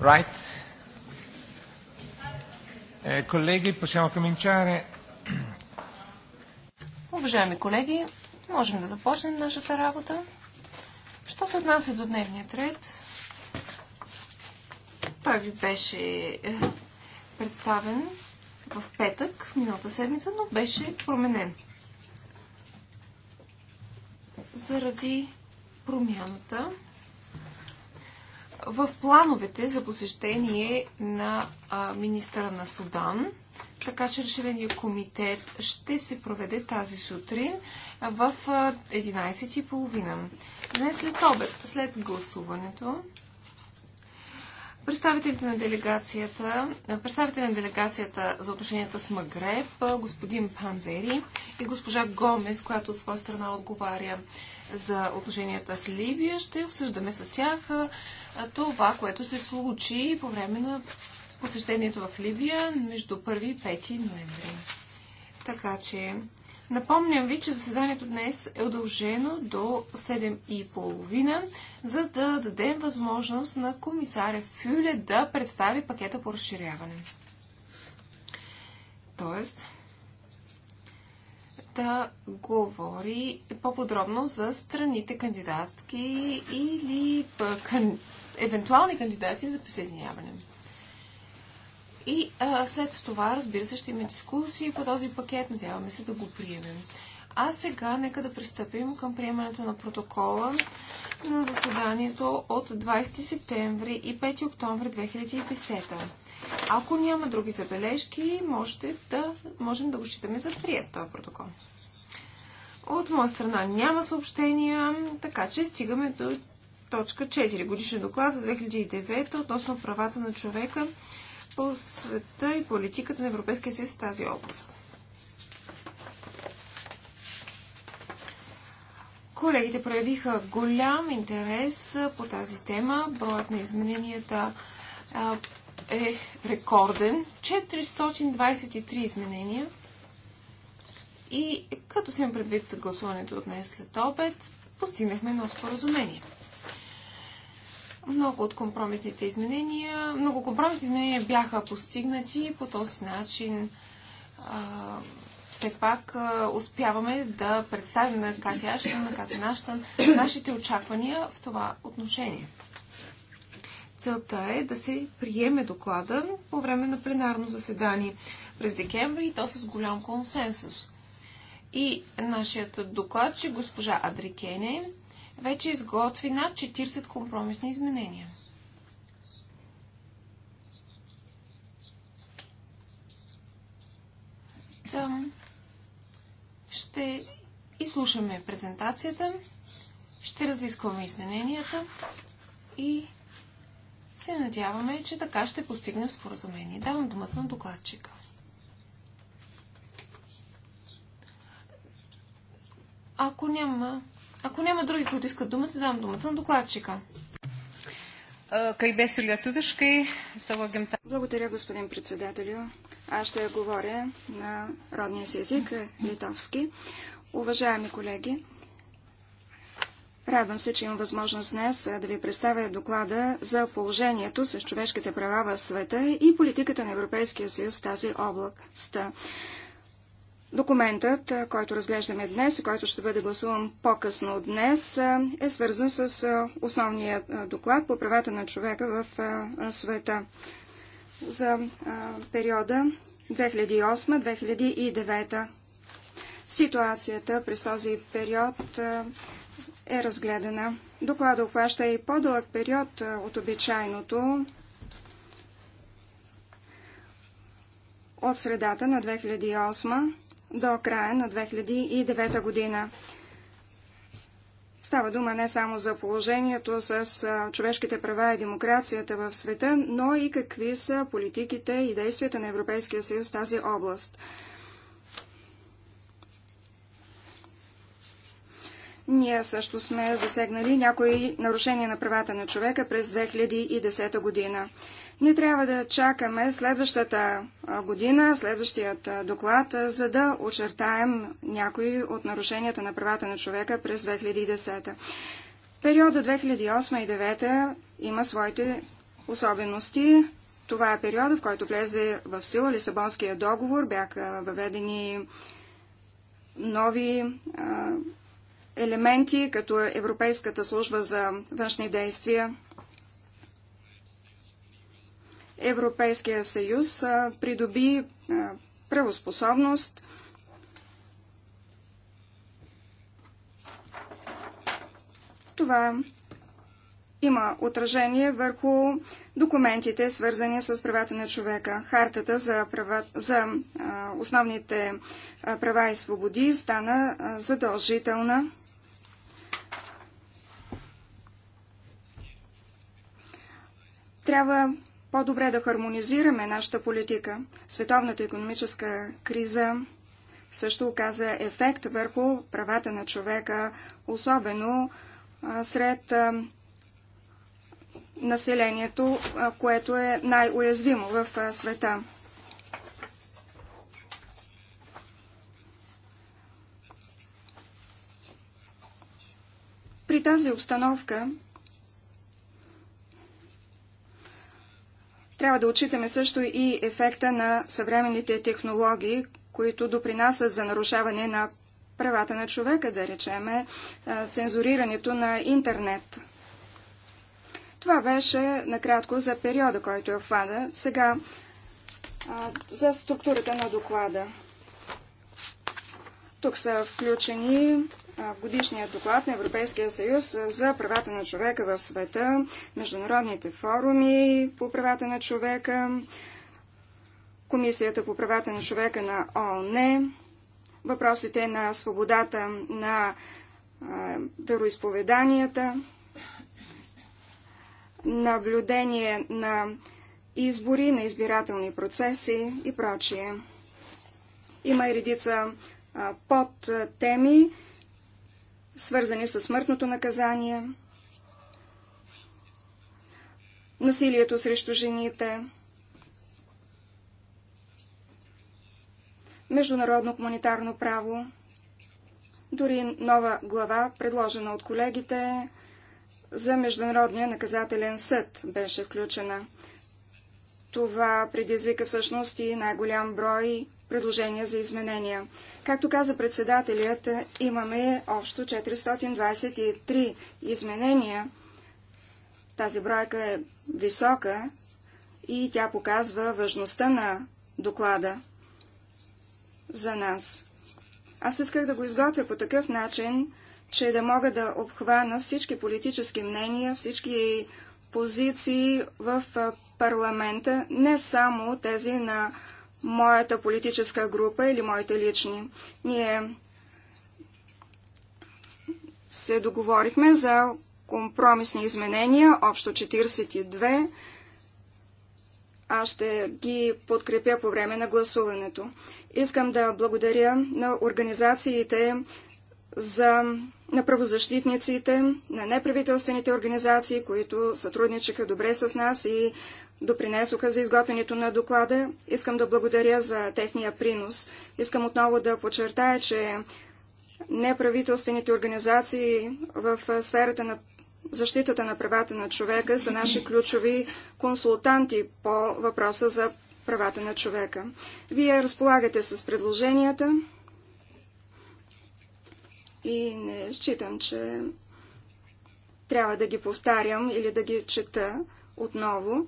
Right? Eh, colleghi, possiamo cominciare. Уважаеми колеги, можем да започнем нашата работа. Що се отнася до дневния ред? Той ви беше е, представен в петък, в миналата седмица, но беше променен. Заради промяната в плановете за посещение на министъра на Судан. Така че решения комитет ще се проведе тази сутрин в 11.30. Днес след обед, след гласуването, представителите на делегацията, представители на делегацията за отношенията с Магреб, господин Панзери и госпожа Гомес, която от своя страна отговаря за отношенията с Ливия. Ще обсъждаме с тях това, което се случи по време на посещението в Ливия между 1 и 5 ноември. Така че Напомням ви, че заседанието днес е удължено до 7.30, за да дадем възможност на комисаря Фюле да представи пакета по разширяване. Тоест, да говори по-подробно за страните кандидатки или кън... евентуални кандидати за присъединяване. И а, след това, разбира се, ще има дискусии по този пакет. Надяваме се да го приемем. А сега нека да пристъпим към приемането на протокола на заседанието от 20 септември и 5 октомври 2010. Ако няма други забележки, можете да, можем да го считаме за прият този протокол. От моя страна няма съобщения, така че стигаме до точка 4. Годишен доклад за 2009 относно правата на човека по света и политиката на Европейския съюз в тази област. Колегите проявиха голям интерес по тази тема. Броят на измененията е рекорден. 423 изменения. И като си предвид гласуването от днес след обед, постигнахме едно споразумение. Много от компромисните изменения, много компромисни изменения бяха постигнати по този начин а, все пак успяваме да представим на Кати Аштън, на Кати Наштън нашите очаквания в това отношение. Целта е да се приеме доклада по време на пленарно заседание през декември и то с голям консенсус. И нашият доклад, че госпожа Адрикене вече изготви над 40 компромисни изменения. Там. Ще изслушаме презентацията, ще разискваме измененията и се надяваме, че така ще постигнем споразумение. Давам думата на докладчика. Ако няма, ако няма други, които искат думата, давам думата на докладчика. Kalbėsiu lietuviškai savo Гемта. Благодаря, господин председателю. Аз ще говоря на родния си език, е, литовски. Уважаеми колеги, радвам се, че имам възможност днес да ви представя доклада за положението с човешките права в света и политиката на Европейския съюз в тази област. Документът, който разглеждаме днес и който ще бъде гласуван по-късно днес, е свързан с основния доклад по правата на човека в света за периода 2008-2009. Ситуацията през този период е разгледана. Докладът обхваща и по-дълъг период от обичайното от средата на 2008 до края на 2009 година. Става дума не само за положението с човешките права и демокрацията в света, но и какви са политиките и действията на Европейския съюз в тази област. Ние също сме засегнали някои нарушения на правата на човека през 2010 година. Ние трябва да чакаме следващата година, следващият доклад, за да очертаем някои от нарушенията на правата на човека през 2010. Периода 2008 и 2009 има своите особености. Това е периода, в който влезе в сила Лисабонския договор, бяха въведени нови елементи, като Европейската служба за външни действия, Европейския съюз придоби правоспособност. Това има отражение върху документите, свързани с правата на човека. Хартата за, права, за основните права и свободи стана задължителна. Трябва по-добре да хармонизираме нашата политика. Световната економическа криза също оказа ефект върху правата на човека, особено сред населението, което е най-уязвимо в света. При тази обстановка Трябва да отчитаме също и ефекта на съвременните технологии, които допринасят за нарушаване на правата на човека, да речеме, цензурирането на интернет. Това беше накратко за периода, който е обхвана. Сега за структурата на доклада. Тук са включени годишния доклад на Европейския съюз за правата на човека в света, международните форуми по правата на човека, Комисията по правата на човека на ООН, въпросите на свободата на вероисповеданията, наблюдение на избори, на избирателни процеси и прочие. Има и редица под теми, свързани с смъртното наказание, насилието срещу жените, международно хуманитарно право, дори нова глава, предложена от колегите за Международния наказателен съд, беше включена. Това предизвика всъщност и най-голям брой предложения за изменения. Както каза председателят, имаме общо 423 изменения. Тази бройка е висока и тя показва важността на доклада за нас. Аз исках да го изготвя по такъв начин, че да мога да обхвана всички политически мнения, всички позиции в парламента, не само тези на моята политическа група или моите лични. Ние се договорихме за компромисни изменения, общо 42. Аз ще ги подкрепя по време на гласуването. Искам да благодаря на организациите за, на правозащитниците, на неправителствените организации, които сътрудничаха добре с нас и допринесоха за изготвянето на доклада. Искам да благодаря за техния принос. Искам отново да подчертая, че неправителствените организации в сферата на защитата на правата на човека са наши ключови консултанти по въпроса за правата на човека. Вие разполагате с предложенията и не считам, че трябва да ги повтарям или да ги чета отново.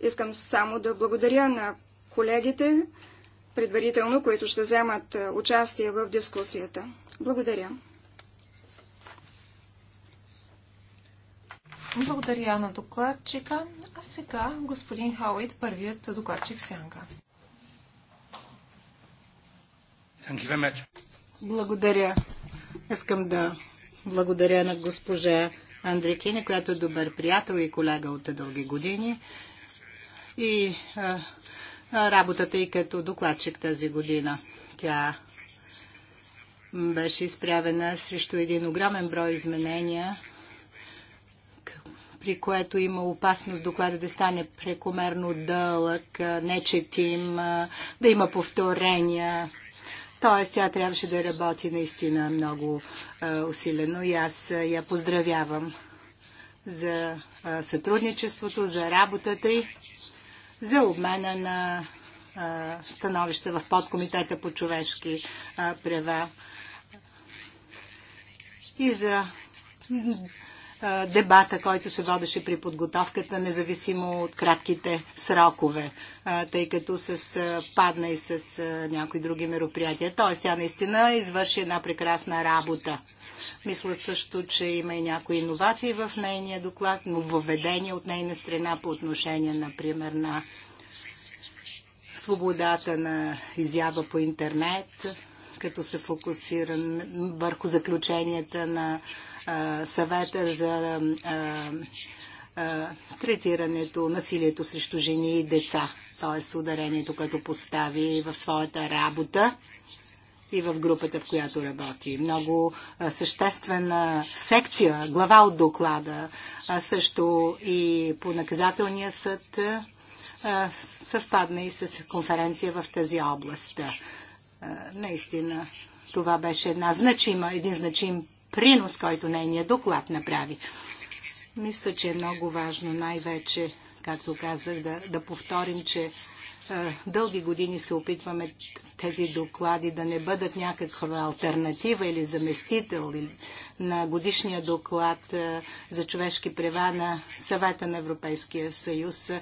Искам само да благодаря на колегите предварително, които ще вземат е, участие в дискусията. Благодаря. Благодаря на докладчика. А сега господин Хауит, първият докладчик в Сянка. Благодаря. Искам да благодаря на госпожа Андрекина, която е добър приятел и колега от дълги години. И а, работата и като докладчик тази година. Тя беше изправена срещу един огромен брой изменения, при което има опасност доклада да стане прекомерно дълъг, нечетим, да има повторения Тоест, тя трябваше да работи наистина много а, усилено и аз я поздравявам за а, сътрудничеството, за работата и за обмена на а, становища в подкомитета по човешки права и за дебата, който се водеше при подготовката, независимо от кратките срокове, тъй като с, падна и с някои други мероприятия. Тоест, тя наистина извърши една прекрасна работа. Мисля също, че има и някои иновации в нейния доклад, но въведение от нейна страна по отношение, например, на свободата на изява по интернет, като се фокусира върху заключенията на съвета за третирането насилието срещу жени и деца, т.е. ударението, като постави в своята работа и в групата, в която работи. Много съществена секция, глава от доклада, също и по наказателния съд съвпадна и с конференция в тази област наистина това беше една значима, един значим принос, който нейният доклад направи. Мисля, че е много важно най-вече, както казах, да, да повторим, че дълги години се опитваме тези доклади да не бъдат някаква альтернатива или заместител на годишния доклад за човешки права на съвета на Европейския съюз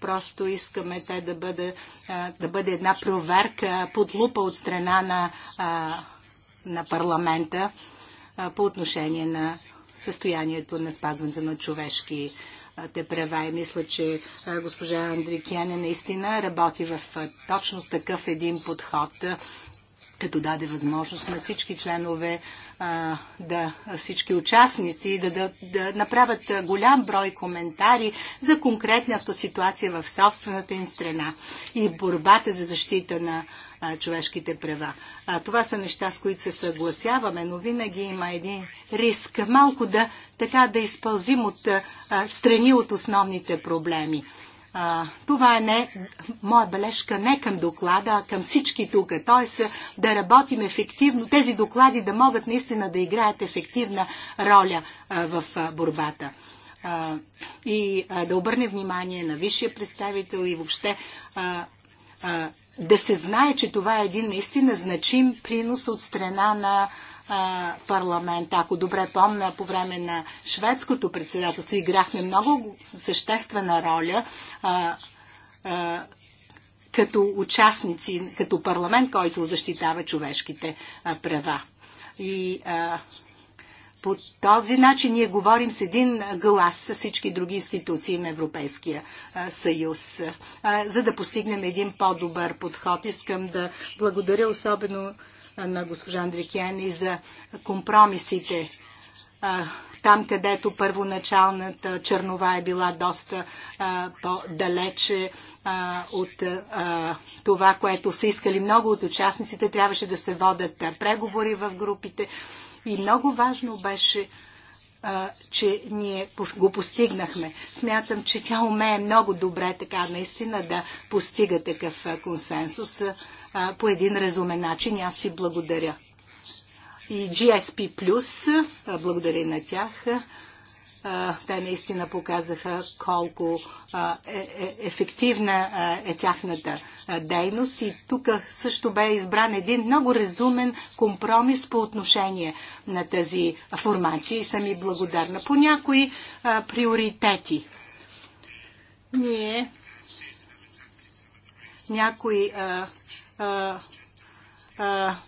Просто искаме те да бъде, да бъде една проверка под лупа от страна на, на парламента по отношение на състоянието на спазването на човешки те права. И мисля, че госпожа Андрикяне наистина работи в точно с такъв един подход, като даде възможност на всички членове да всички участници да, да, да направят голям брой коментари за конкретната ситуация в собствената им страна и борбата за защита на а, човешките права. А, това са неща, с които се съгласяваме, но винаги има един риск малко да така да изпълзим от а, страни от основните проблеми. А, това е не, моя бележка не към доклада, а към всички тук. Т.е. да работим ефективно, тези доклади да могат наистина да играят ефективна роля а, в а, борбата. А, и а, да обърне внимание на висшия представител и въобще а, а, да се знае, че това е един наистина значим принос от страна на парламент. Ако добре помна, по време на шведското председателство играхме много съществена роля а, а, като участници, като парламент, който защитава човешките а, права. И а, по този начин ние говорим с един глас с всички други институции на Европейския съюз, за да постигнем един по-добър подход. Искам да благодаря особено на госпожа и за компромисите там, където първоначалната чернова е била доста по-далече от това, което са искали много от участниците. Трябваше да се водят преговори в групите. И много важно беше а, че ние го постигнахме. Смятам, че тя умее много добре така наистина да постига такъв консенсус а, по един разумен начин. Аз си благодаря. И GSP Plus, благодаря на тях, те наистина показаха колко е, е, ефективна е тяхната дейност. И тук също бе избран един много разумен компромис по отношение на тази формация и съм и благодарна по някои приоритети. Ние някои а, а,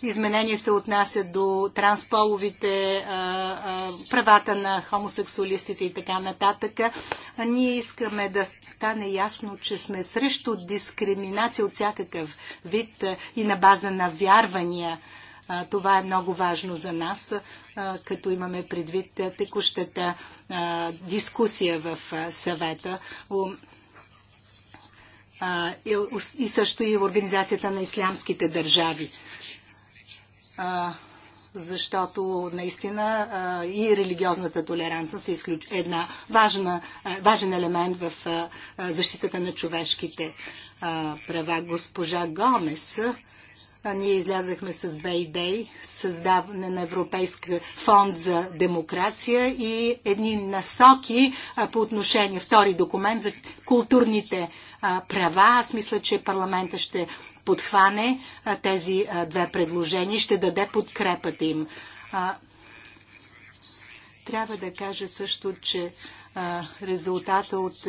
изменения се отнасят до трансполовите а, а, правата на хомосексуалистите и така нататък. А ние искаме да стане ясно, че сме срещу дискриминация от всякакъв вид а, и на база на вярвания. А, това е много важно за нас, а, като имаме предвид текущата дискусия в съвета а, и, и също и в Организацията на ислямските държави. А, защото наистина а, и религиозната толерантност е изключ... една важна, а, важен елемент в а, защитата на човешките а, права. Госпожа Гомес, а, ние излязахме с две идеи. Създаване на Европейска фонд за демокрация и едни насоки а, по отношение, втори документ за културните права. Аз мисля, че парламента ще подхване тези две предложения и ще даде подкрепата им. Трябва да кажа също, че резултата от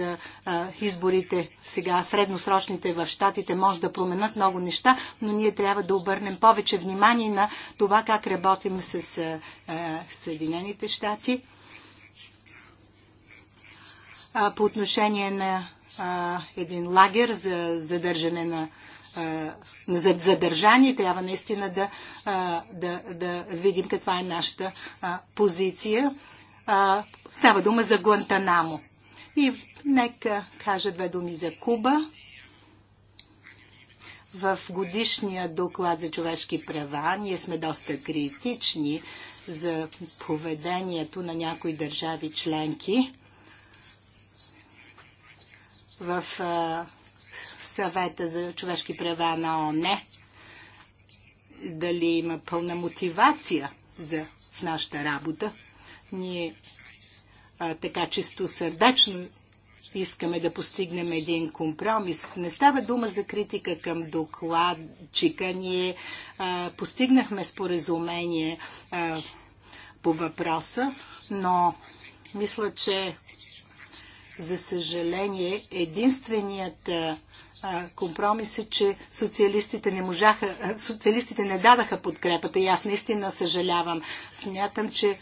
изборите сега, средносрочните в щатите, може да променят много неща, но ние трябва да обърнем повече внимание на това как работим с Съединените щати по отношение на а, един лагер за задържане на за задържани. Трябва наистина да, да, да видим каква е нашата позиция. Става дума за Гуантанамо. И нека кажа две думи за Куба. В годишния доклад за човешки права ние сме доста критични за поведението на някои държави членки в съвета за човешки права на ОНЕ, дали има пълна мотивация за нашата работа. Ние а, така чисто сърдечно искаме да постигнем един компромис. Не става дума за критика към докладчика. Ние а, постигнахме споразумение а, по въпроса, но мисля, че за съжаление, единственият компромис е, че социалистите не, можаха, социалистите не дадаха подкрепата и аз наистина съжалявам. Смятам, че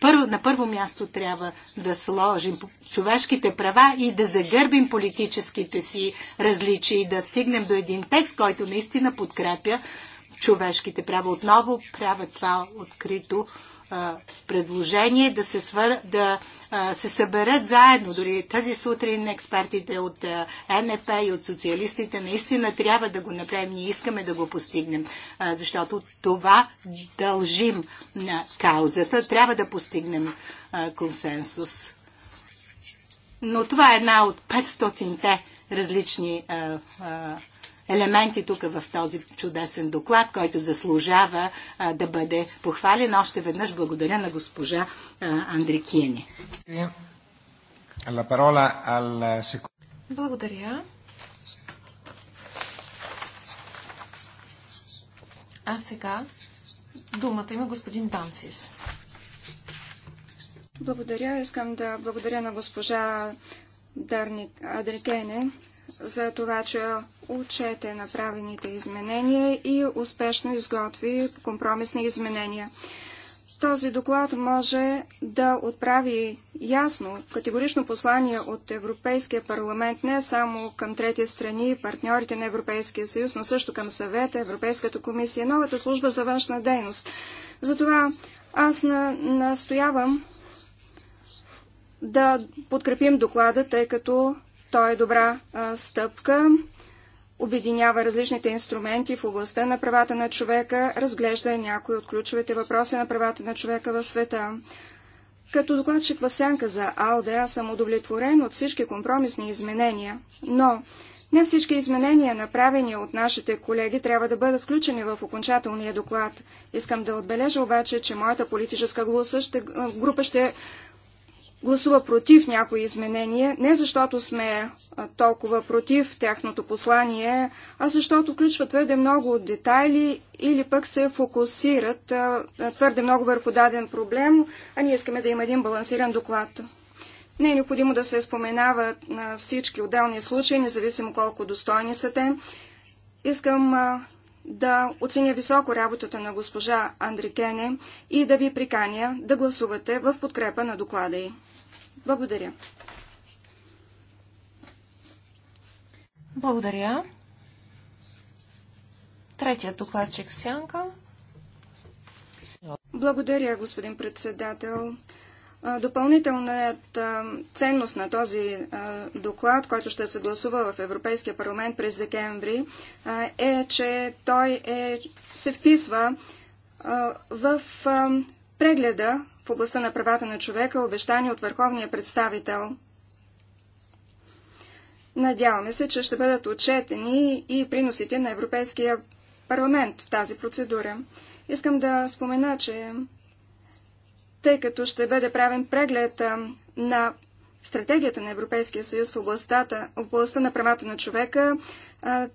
първо, на първо място трябва да сложим човешките права и да загърбим политическите си различия и да стигнем до един текст, който наистина подкрепя човешките права. Отново правя това открито предложение да се, свър... да, се съберат заедно. Дори тази сутрин експертите от НФ НП и от социалистите наистина трябва да го направим. Ние искаме да го постигнем, защото това дължим на каузата. Трябва да постигнем консенсус. Но това е една от 500-те различни а, а, елементи тук в този чудесен доклад, който заслужава а, да бъде похвален. Още веднъж благодаря на госпожа Андрикиени. Благодаря. А сега думата има господин Данцис. Благодаря. Искам да благодаря на госпожа Дарник Адрикене за това, че отчете направените изменения и успешно изготви компромисни изменения. Този доклад може да отправи ясно, категорично послание от Европейския парламент не само към трети страни, партньорите на Европейския съюз, но също към съвета, Европейската комисия, новата служба за външна дейност. Затова аз на, настоявам да подкрепим доклада, тъй като той е добра а, стъпка, обединява различните инструменти в областта на правата на човека, разглежда някои от ключовите въпроси на правата на човека в света. Като докладчик в сянка за АЛДЕ, аз съм удовлетворен от всички компромисни изменения, но не всички изменения, направени от нашите колеги, трябва да бъдат включени в окончателния доклад. Искам да отбележа обаче, че моята политическа група ще гласува против някои изменения, не защото сме толкова против тяхното послание, а защото включва твърде много детайли или пък се фокусират твърде много върху даден проблем, а ние искаме да има един балансиран доклад. Не е необходимо да се споменава на всички отделни случаи, независимо колко достойни са те. Искам да оценя високо работата на госпожа Андрикене и да ви приканя да гласувате в подкрепа на доклада й. Благодаря. Благодаря. Третият докладчик Сянка. Благодаря, господин председател. Допълнителният ценност на този доклад, който ще се гласува в Европейския парламент през декември, е, че той е, се вписва в прегледа в областта на правата на човека, обещани от върховния представител. Надяваме се, че ще бъдат отчетени и приносите на Европейския парламент в тази процедура. Искам да спомена, че тъй като ще бъде правен преглед на стратегията на Европейския съюз в областта, областта на правата на човека,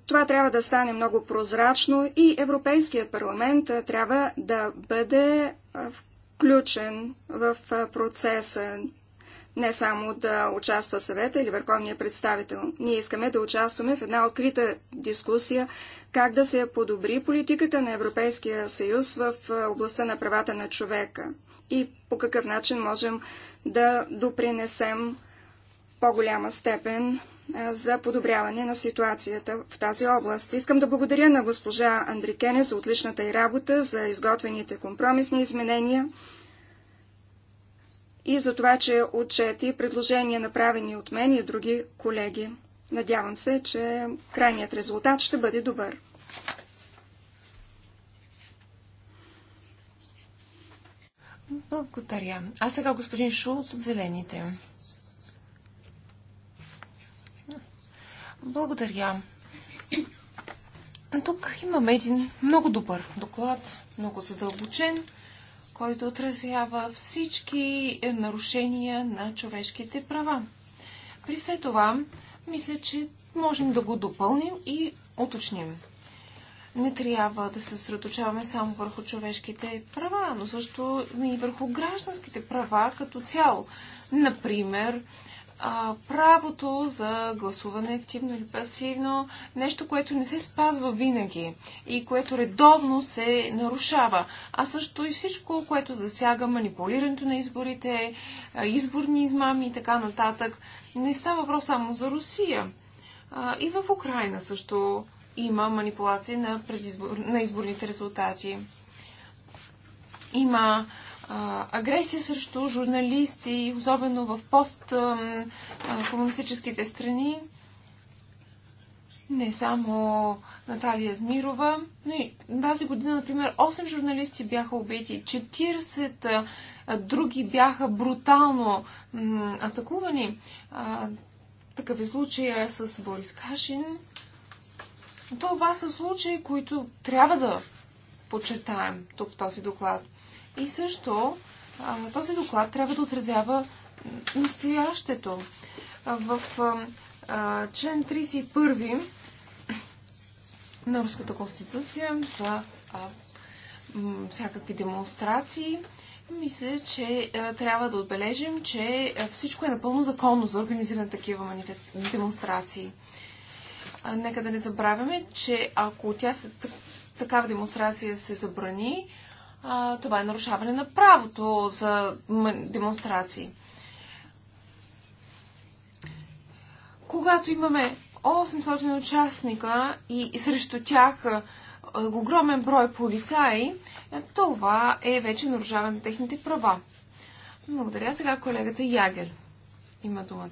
това трябва да стане много прозрачно и Европейският парламент трябва да бъде в включен в процеса не само да участва съвета или върховния представител. Ние искаме да участваме в една открита дискусия как да се подобри политиката на Европейския съюз в областта на правата на човека и по какъв начин можем да допринесем по-голяма степен за подобряване на ситуацията в тази област. Искам да благодаря на госпожа Андрикене за отличната й работа, за изготвените компромисни изменения и за това, че отчети предложения направени от мен и от други колеги. Надявам се, че крайният резултат ще бъде добър. Благодаря. А сега господин Шулц от Зелените. Благодаря. Тук имаме един много добър доклад, много задълбочен, който отразява всички нарушения на човешките права. При все това, мисля, че можем да го допълним и уточним. Не трябва да се средочаваме само върху човешките права, но също и върху гражданските права като цяло. Например, а, правото за гласуване активно или пасивно, нещо, което не се спазва винаги и което редовно се нарушава, а също и всичко, което засяга манипулирането на изборите, изборни измами и така нататък. Не става въпрос само за Русия. А, и в Украина също има манипулации на, предизбор... на изборните резултати. Има агресия срещу журналисти, особено в посткомунистическите страни. Не само Наталия Дмирова, но и тази година, например, 8 журналисти бяха убити, 40 други бяха брутално атакувани. такъв е случая с Борис Кашин. Това са случаи, които трябва да подчертаем тук в този доклад. И също този доклад трябва да отразява настоящето. В член 31 на Руската конституция за всякакви демонстрации мисля, че трябва да отбележим, че всичко е напълно законно за организиране такива манифест... демонстрации. нека да не забравяме, че ако тя се, такава демонстрация се забрани, а, това е нарушаване на правото за демонстрации. Когато имаме 800 участника и, и срещу тях огромен брой полицаи, е, това е вече нарушаване на техните права. Благодаря. Сега колегата Ягер има думата.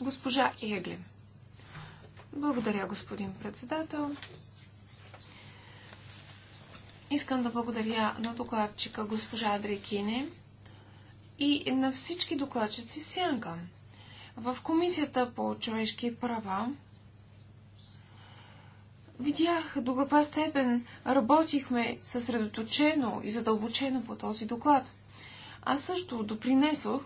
Госпожа Егле. Благодаря, господин председател. Искам да благодаря на докладчика госпожа Адрекине и на всички докладчици в Сянка. В Комисията по човешки права видях до каква степен работихме съсредоточено и задълбочено по този доклад. Аз също допринесох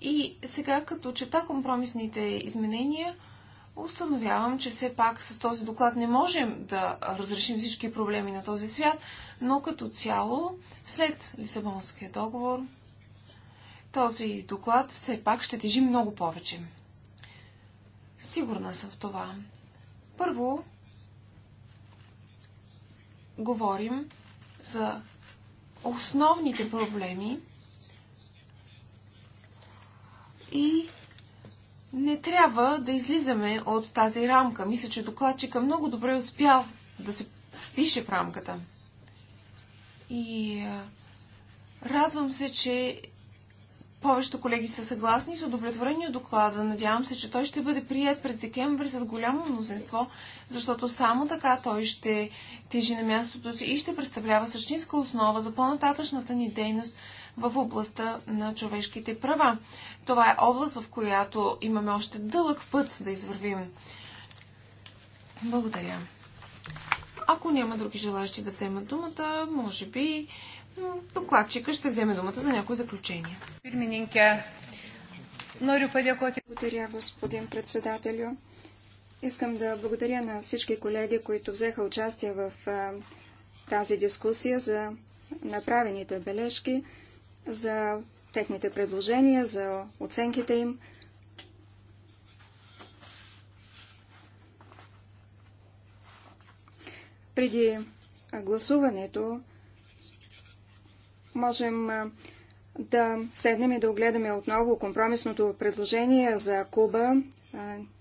и сега, като чета компромисните изменения, установявам, че все пак с този доклад не можем да разрешим всички проблеми на този свят, но като цяло, след Лисабонския договор, този доклад все пак ще тежи много повече. Сигурна съм в това. Първо, говорим за основните проблеми и не трябва да излизаме от тази рамка. Мисля, че докладчика много добре успял да се впише в рамката. И радвам се, че повечето колеги са съгласни с удовлетворени от доклада. Надявам се, че той ще бъде прият през декември с голямо мнозинство, защото само така той ще тежи на мястото си и ще представлява същинска основа за по-нататъчната ни дейност в областта на човешките права. Това е област, в която имаме още дълъг път да извървим. Благодаря. Ако няма други желащи да вземат думата, може би докладчика ще вземе думата за някои заключения. Благодаря, господин председателю. Искам да благодаря на всички колеги, които взеха участие в тази дискусия за направените бележки за техните предложения, за оценките им. Преди гласуването можем да седнем и да огледаме отново компромисното предложение за Куба.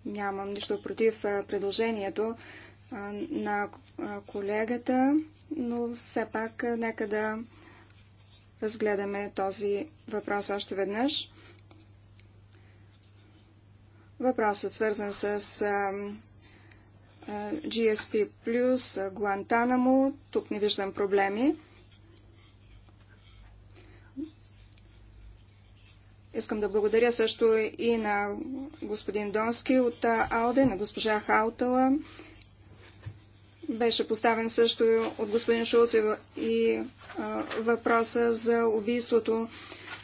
Нямам нищо против предложението на колегата, но все пак нека да разгледаме този въпрос още веднъж. Въпросът свързан с GSP+, Гуантанамо, тук не виждам проблеми. Искам да благодаря също и на господин Донски от Ауде, на госпожа Хаутала. Беше поставен също от господин Шулц и а, въпроса за убийството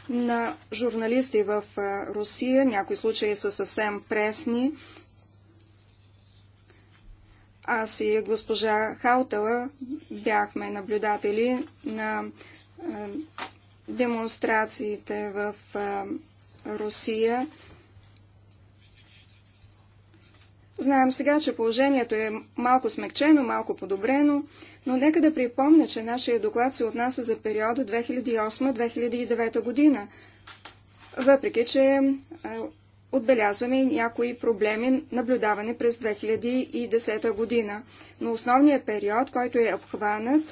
на журналисти в а, Русия. Някои случаи са съвсем пресни. Аз и госпожа Хаутела бяхме наблюдатели на а, демонстрациите в Русия. Знаем сега, че положението е малко смекчено, малко подобрено, но нека да припомня, че нашия доклад се отнася за периода 2008-2009 година, въпреки че е, отбелязваме някои проблеми, наблюдавани през 2010 година. Но основният период, който е обхванат,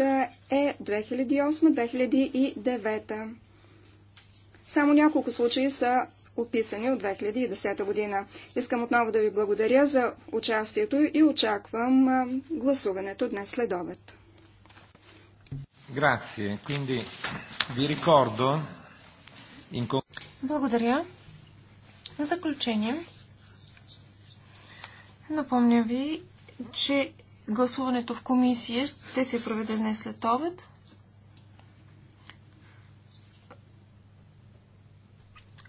е 2008-2009. Само няколко случаи са описани от 2010 година. Искам отново да ви благодаря за участието и очаквам гласуването днес след обед. Благодаря. В заключение, напомня ви, че гласуването в комисия ще се проведе днес след обед.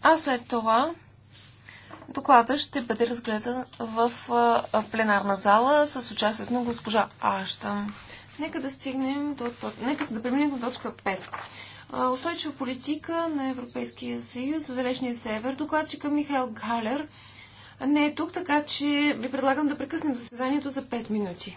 А след това доклада ще бъде разгледан в пленарна зала с участието на госпожа Аштам. Нека да стигнем до... Нека да преминем до точка 5 устойчива политика на Европейския съюз за далечния север. Докладчика Михаил Галер не е тук, така че ви предлагам да прекъснем заседанието за 5 минути.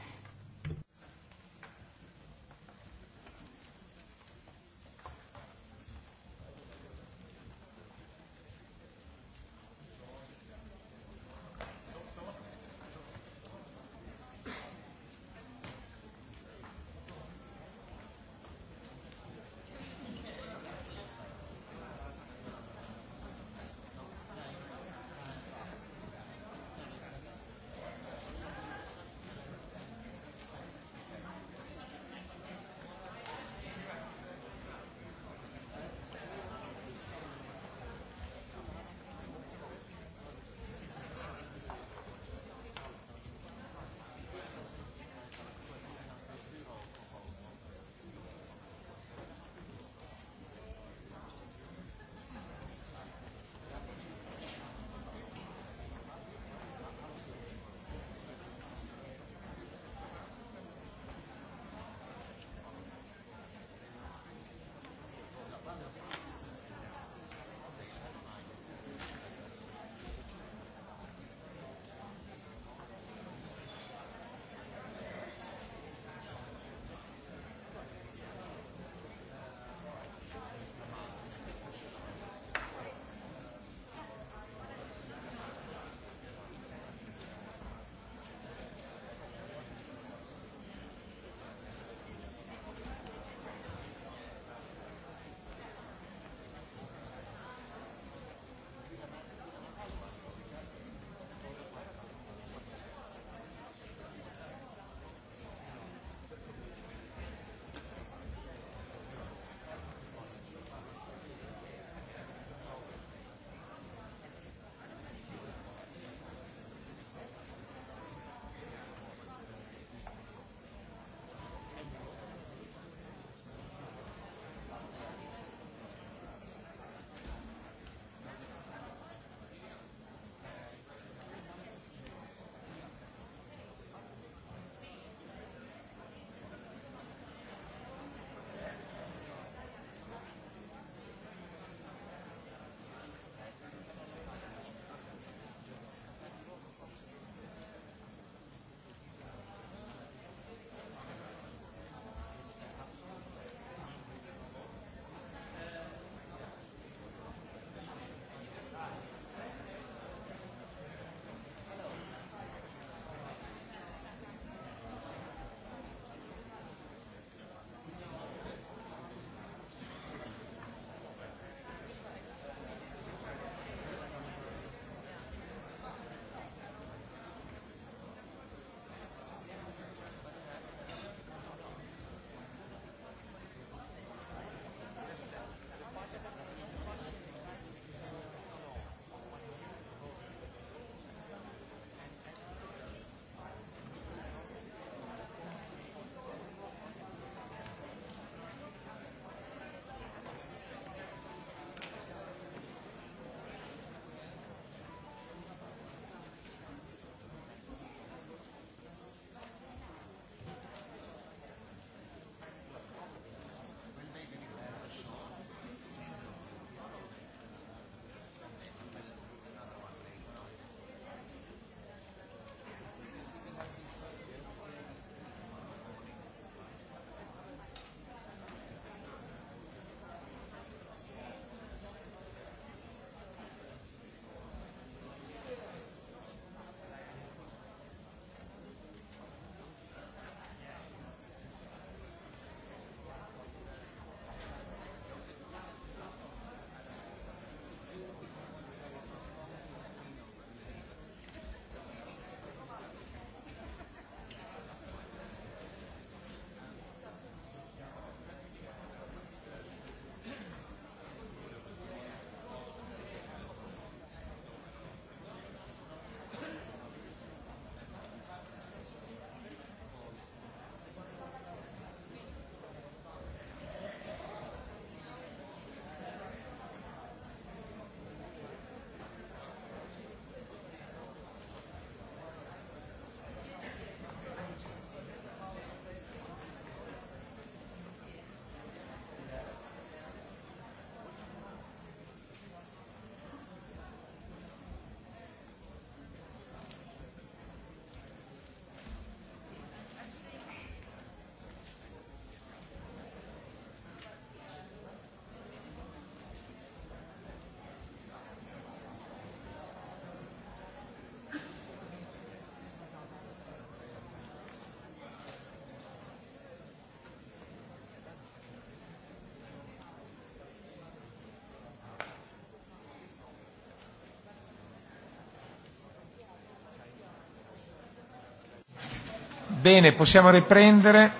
Bene, possiamo riprendere.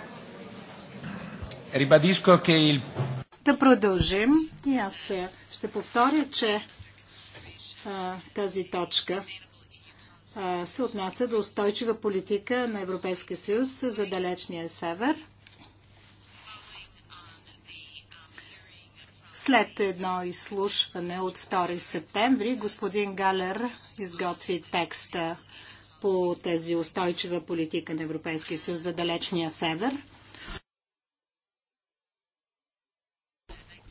Ribadisco che il... Да продължим. И аз ще повторя, че а, тази точка а, се отнася до устойчива политика на Европейския съюз за далечния север. След едно изслушване от 2 септември господин Галер изготви текста по тази устойчива политика на Европейския съюз за далечния север.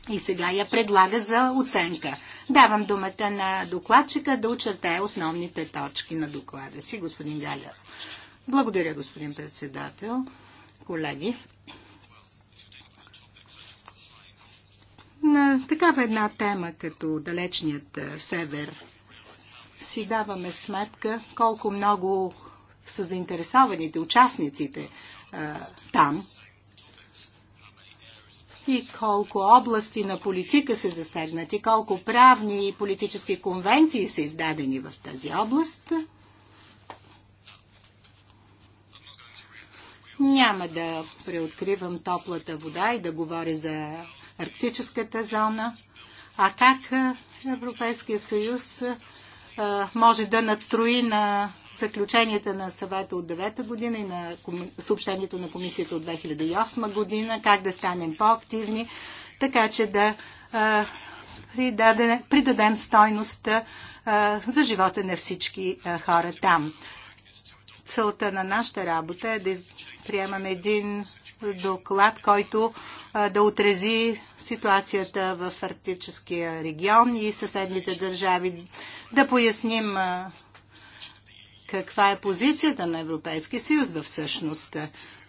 И сега я предлага за оценка. Давам думата на докладчика да очертая основните точки на доклада си, господин Галер. Благодаря, господин председател. Колеги, на такава една тема като далечният север си даваме сметка колко много са заинтересованите участниците а, там и колко области на политика се засегнати, колко правни и политически конвенции са издадени в тази област. Няма да преоткривам топлата вода и да говоря за арктическата зона, а как Европейския съюз може да надстрои на заключенията на съвета от 9 година и на съобщението на комисията от 2008 година, как да станем по-активни, така че да придадем стойност за живота на всички хора там. Целта на нашата работа е да приемаме един доклад, който да отрези ситуацията в арктическия регион и съседните държави. Да поясним каква е позицията на Европейския съюз в същност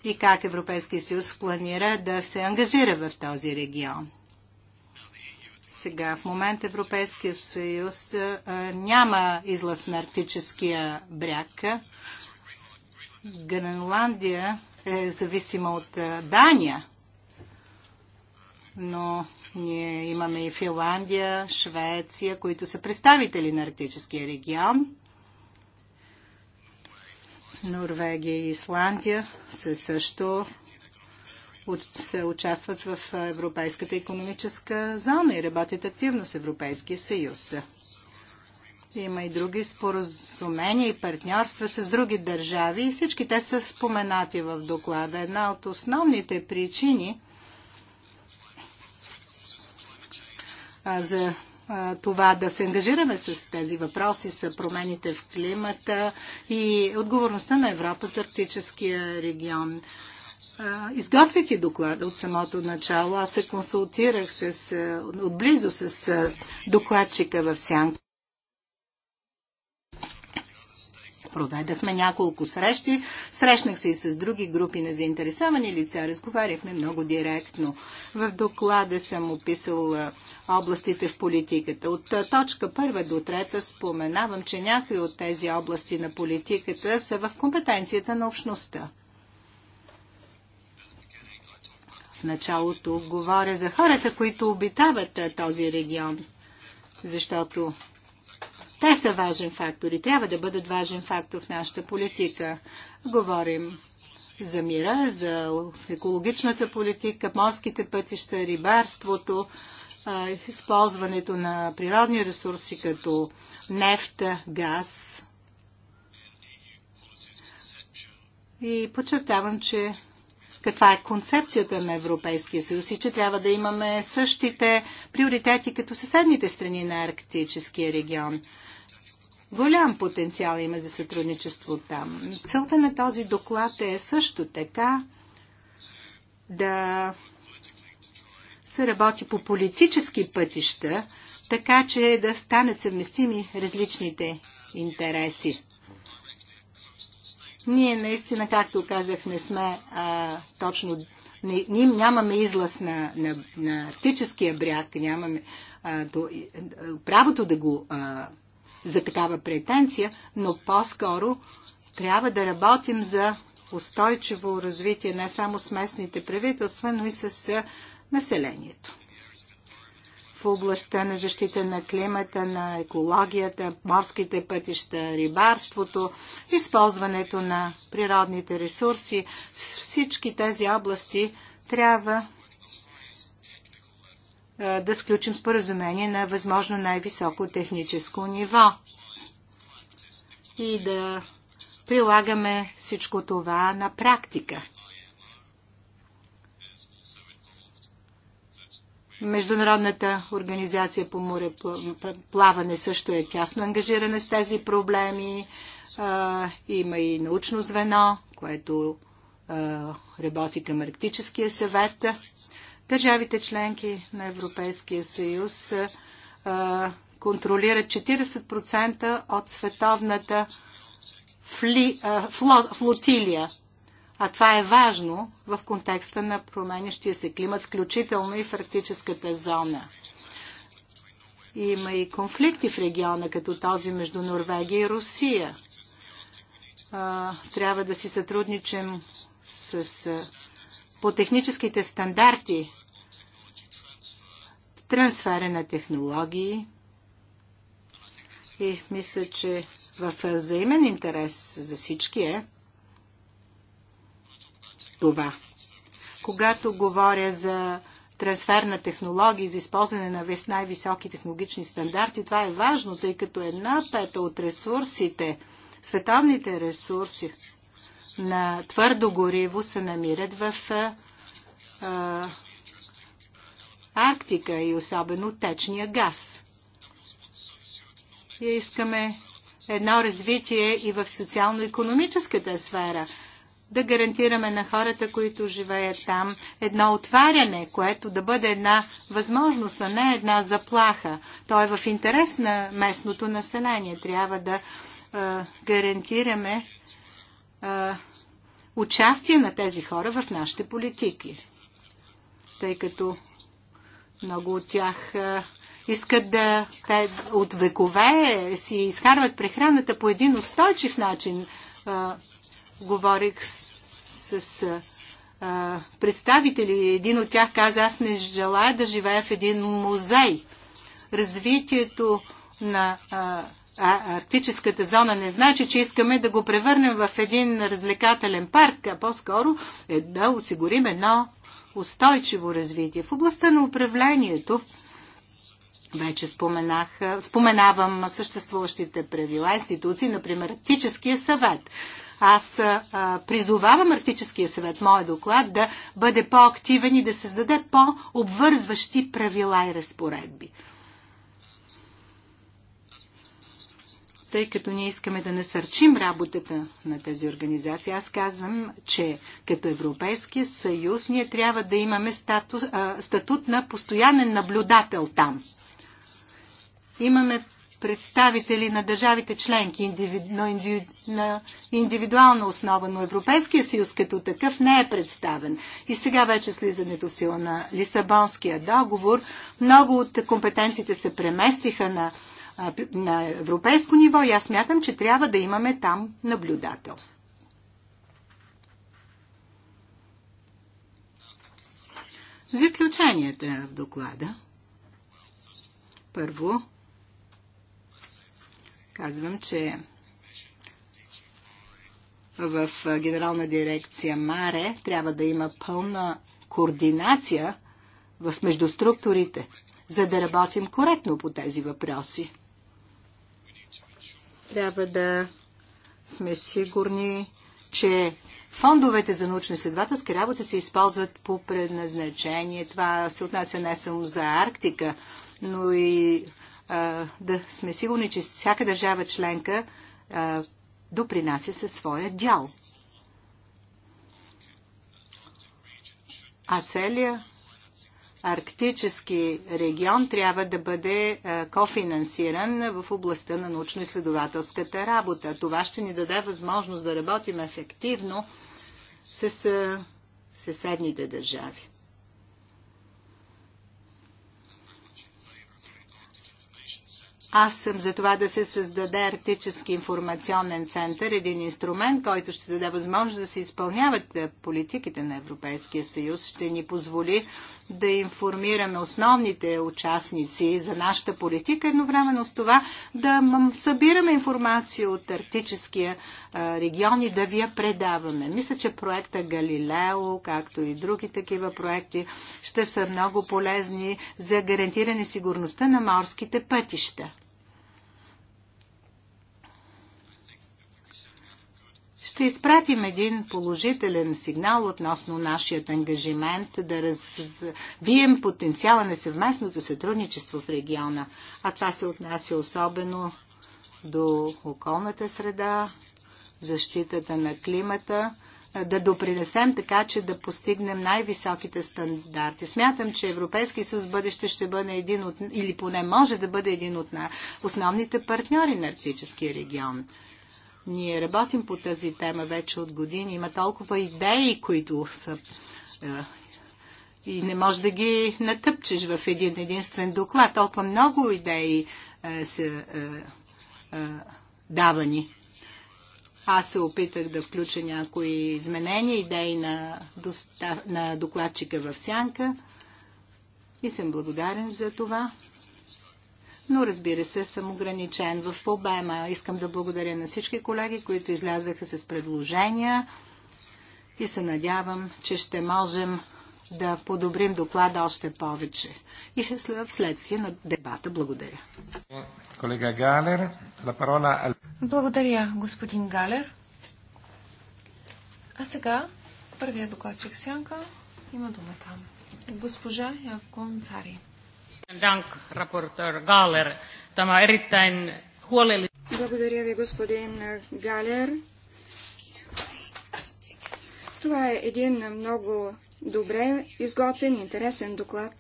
и как Европейския съюз планира да се ангажира в този регион. Сега, в момента Европейския съюз няма излъз на арктическия бряг. Гренландия е зависима от е, Дания. Но ние имаме и Финландия, Швеция, които са представители на арктическия регион. Норвегия и Исландия се също се участват в е, Европейската економическа зона и работят активно с Европейския съюз има и други споразумения и партньорства с други държави и всички те са споменати в доклада. Една от основните причини за това да се ангажираме с тези въпроси са промените в климата и отговорността на Европа за арктическия регион. Изготвяйки доклада от самото начало, аз се консултирах с, отблизо с докладчика в Сянка. Проведахме няколко срещи, срещнах се и с други групи на заинтересовани лица, разговаряхме много директно. В доклада съм описал областите в политиката. От точка първа до трета споменавам, че някои от тези области на политиката са в компетенцията на общността. В началото говоря за хората, които обитават този регион, защото те са важен фактор и трябва да бъдат важен фактор в нашата политика. Говорим за мира, за екологичната политика, морските пътища, рибарството, използването на природни ресурси като нефта, газ. И подчертавам, че каква е концепцията на Европейския съюз и че трябва да имаме същите приоритети като съседните страни на Арктическия регион. Голям потенциал има за сътрудничество там. Целта на този доклад е също така да се работи по политически пътища, така че да станат съвместими различните интереси. Ние наистина, както казах, не сме а, точно. ние нямаме излаз на, на, на арктическия бряг, нямаме а, до, правото да го а, за такава претенция, но по-скоро трябва да работим за устойчиво развитие не само с местните правителства, но и с населението. В областта на защита на климата, на екологията, морските пътища, рибарството, използването на природните ресурси, всички тези области трябва да сключим споразумение на възможно най-високо техническо ниво и да прилагаме всичко това на практика. Международната организация по мореплаване също е тясно ангажирана с тези проблеми. Има и научно звено, което работи към Арктическия съвет. Държавите членки на Европейския съюз контролират 40% от световната фли, фло, флотилия. А това е важно в контекста на променящия се климат, включително и в арктическата зона. Има и конфликти в региона, като този между Норвегия и Русия. трябва да си сътрудничим с по техническите стандарти, трансфера на технологии. И мисля, че в взаимен интерес за всички е това. Когато говоря за трансфер на технологии за използване на най-високи технологични стандарти. Това е важно, тъй като една пета от ресурсите, световните ресурси, на твърдо гориво се намират в а, Арктика и особено течния газ. И искаме едно развитие и в социално-економическата сфера. Да гарантираме на хората, които живеят там, едно отваряне, което да бъде една възможност, а не една заплаха. То е в интерес на местното население. Трябва да а, гарантираме участие на тези хора в нашите политики. Тъй като много от тях искат да те от векове си изкарват прехраната по един устойчив начин. говорих с, с а, представители. Един от тях каза, аз не желая да живея в един музей. Развитието на а, а, арктическата зона не значи, че искаме да го превърнем в един развлекателен парк, а по-скоро е да осигурим едно устойчиво развитие. В областта на управлението вече споменах, споменавам съществуващите правила, институции, например Арктическия съвет. Аз призовавам Арктическия съвет, моят доклад, да бъде по-активен и да създаде по-обвързващи правила и разпоредби. тъй като ние искаме да насърчим работата на тези организации. Аз казвам, че като Европейския съюз ние трябва да имаме статус, а, статут на постоянен наблюдател там. Имаме представители на държавите членки индивиду, на, индивиду, на индивидуална основа, но Европейския съюз като такъв не е представен. И сега вече слизането сила на Лисабонския договор, много от компетенциите се преместиха на на европейско ниво и аз смятам, че трябва да имаме там наблюдател. Заключенията в доклада. Първо, казвам, че в Генерална дирекция МАРЕ трябва да има пълна координация между структурите, за да работим коректно по тези въпроси. Трябва да сме сигурни, че фондовете за научно-изследователска работа се използват по предназначение. Това се отнася не само за Арктика, но и а, да сме сигурни, че всяка държава членка а, допринася със своя дял. А целият арктически регион трябва да бъде е, кофинансиран в областта на научно-изследователската работа. Това ще ни даде възможност да работим ефективно с е, съседните държави. Аз съм за това да се създаде Арктически информационен център, един инструмент, който ще даде възможност да се изпълняват е, политиките на Европейския съюз, ще ни позволи да информираме основните участници за нашата политика, едновременно с това да събираме информация от арктическия регион и да ви я предаваме. Мисля, че проекта Галилео, както и други такива проекти, ще са много полезни за гарантиране сигурността на морските пътища. ще изпратим един положителен сигнал относно нашият ангажимент да развием потенциала на съвместното сътрудничество в региона. А това се отнася особено до околната среда, защитата на климата, да допринесем така, че да постигнем най-високите стандарти. Смятам, че Европейски съюз бъдеще ще бъде един от, или поне може да бъде един от основните партньори на Арктическия регион. Ние работим по тази тема вече от години. Има толкова идеи, които са е, и не може да ги натъпчеш в един единствен доклад. Толкова много идеи е, са е, е, давани. Аз се опитах да включа някои изменения, идеи на, на докладчика в сянка и съм благодарен за това но разбира се съм ограничен в обема. Искам да благодаря на всички колеги, които излязаха с предложения и се надявам, че ще можем да подобрим доклада още повече. И ще следва вследствие на дебата. Благодаря. Колега Галер, на парола... Благодаря, господин Галер. А сега първият докладчик Сянка има думата. Госпожа Якон Цари. Данк, рапортер Галер. Тама еритайн Благодаря ви, господин Галер. Това е един много добре изготвен, интересен доклад.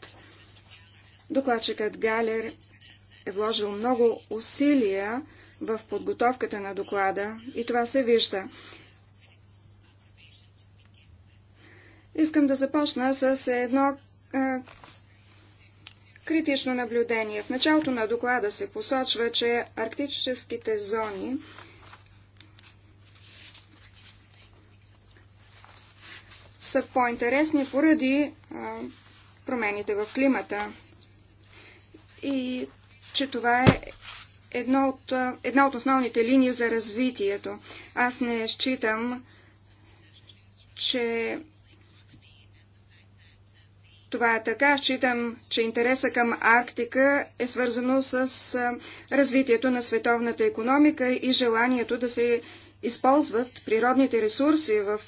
Докладчикът Галер е вложил много усилия в подготовката на доклада и това се вижда. Искам да започна с едно Критично наблюдение. В началото на доклада се посочва, че арктическите зони са по-интересни поради а, промените в климата и че това е едно от, една от основните линии за развитието. Аз не считам, че това е така. Считам, че интереса към Арктика е свързано с развитието на световната економика и желанието да се използват природните ресурси в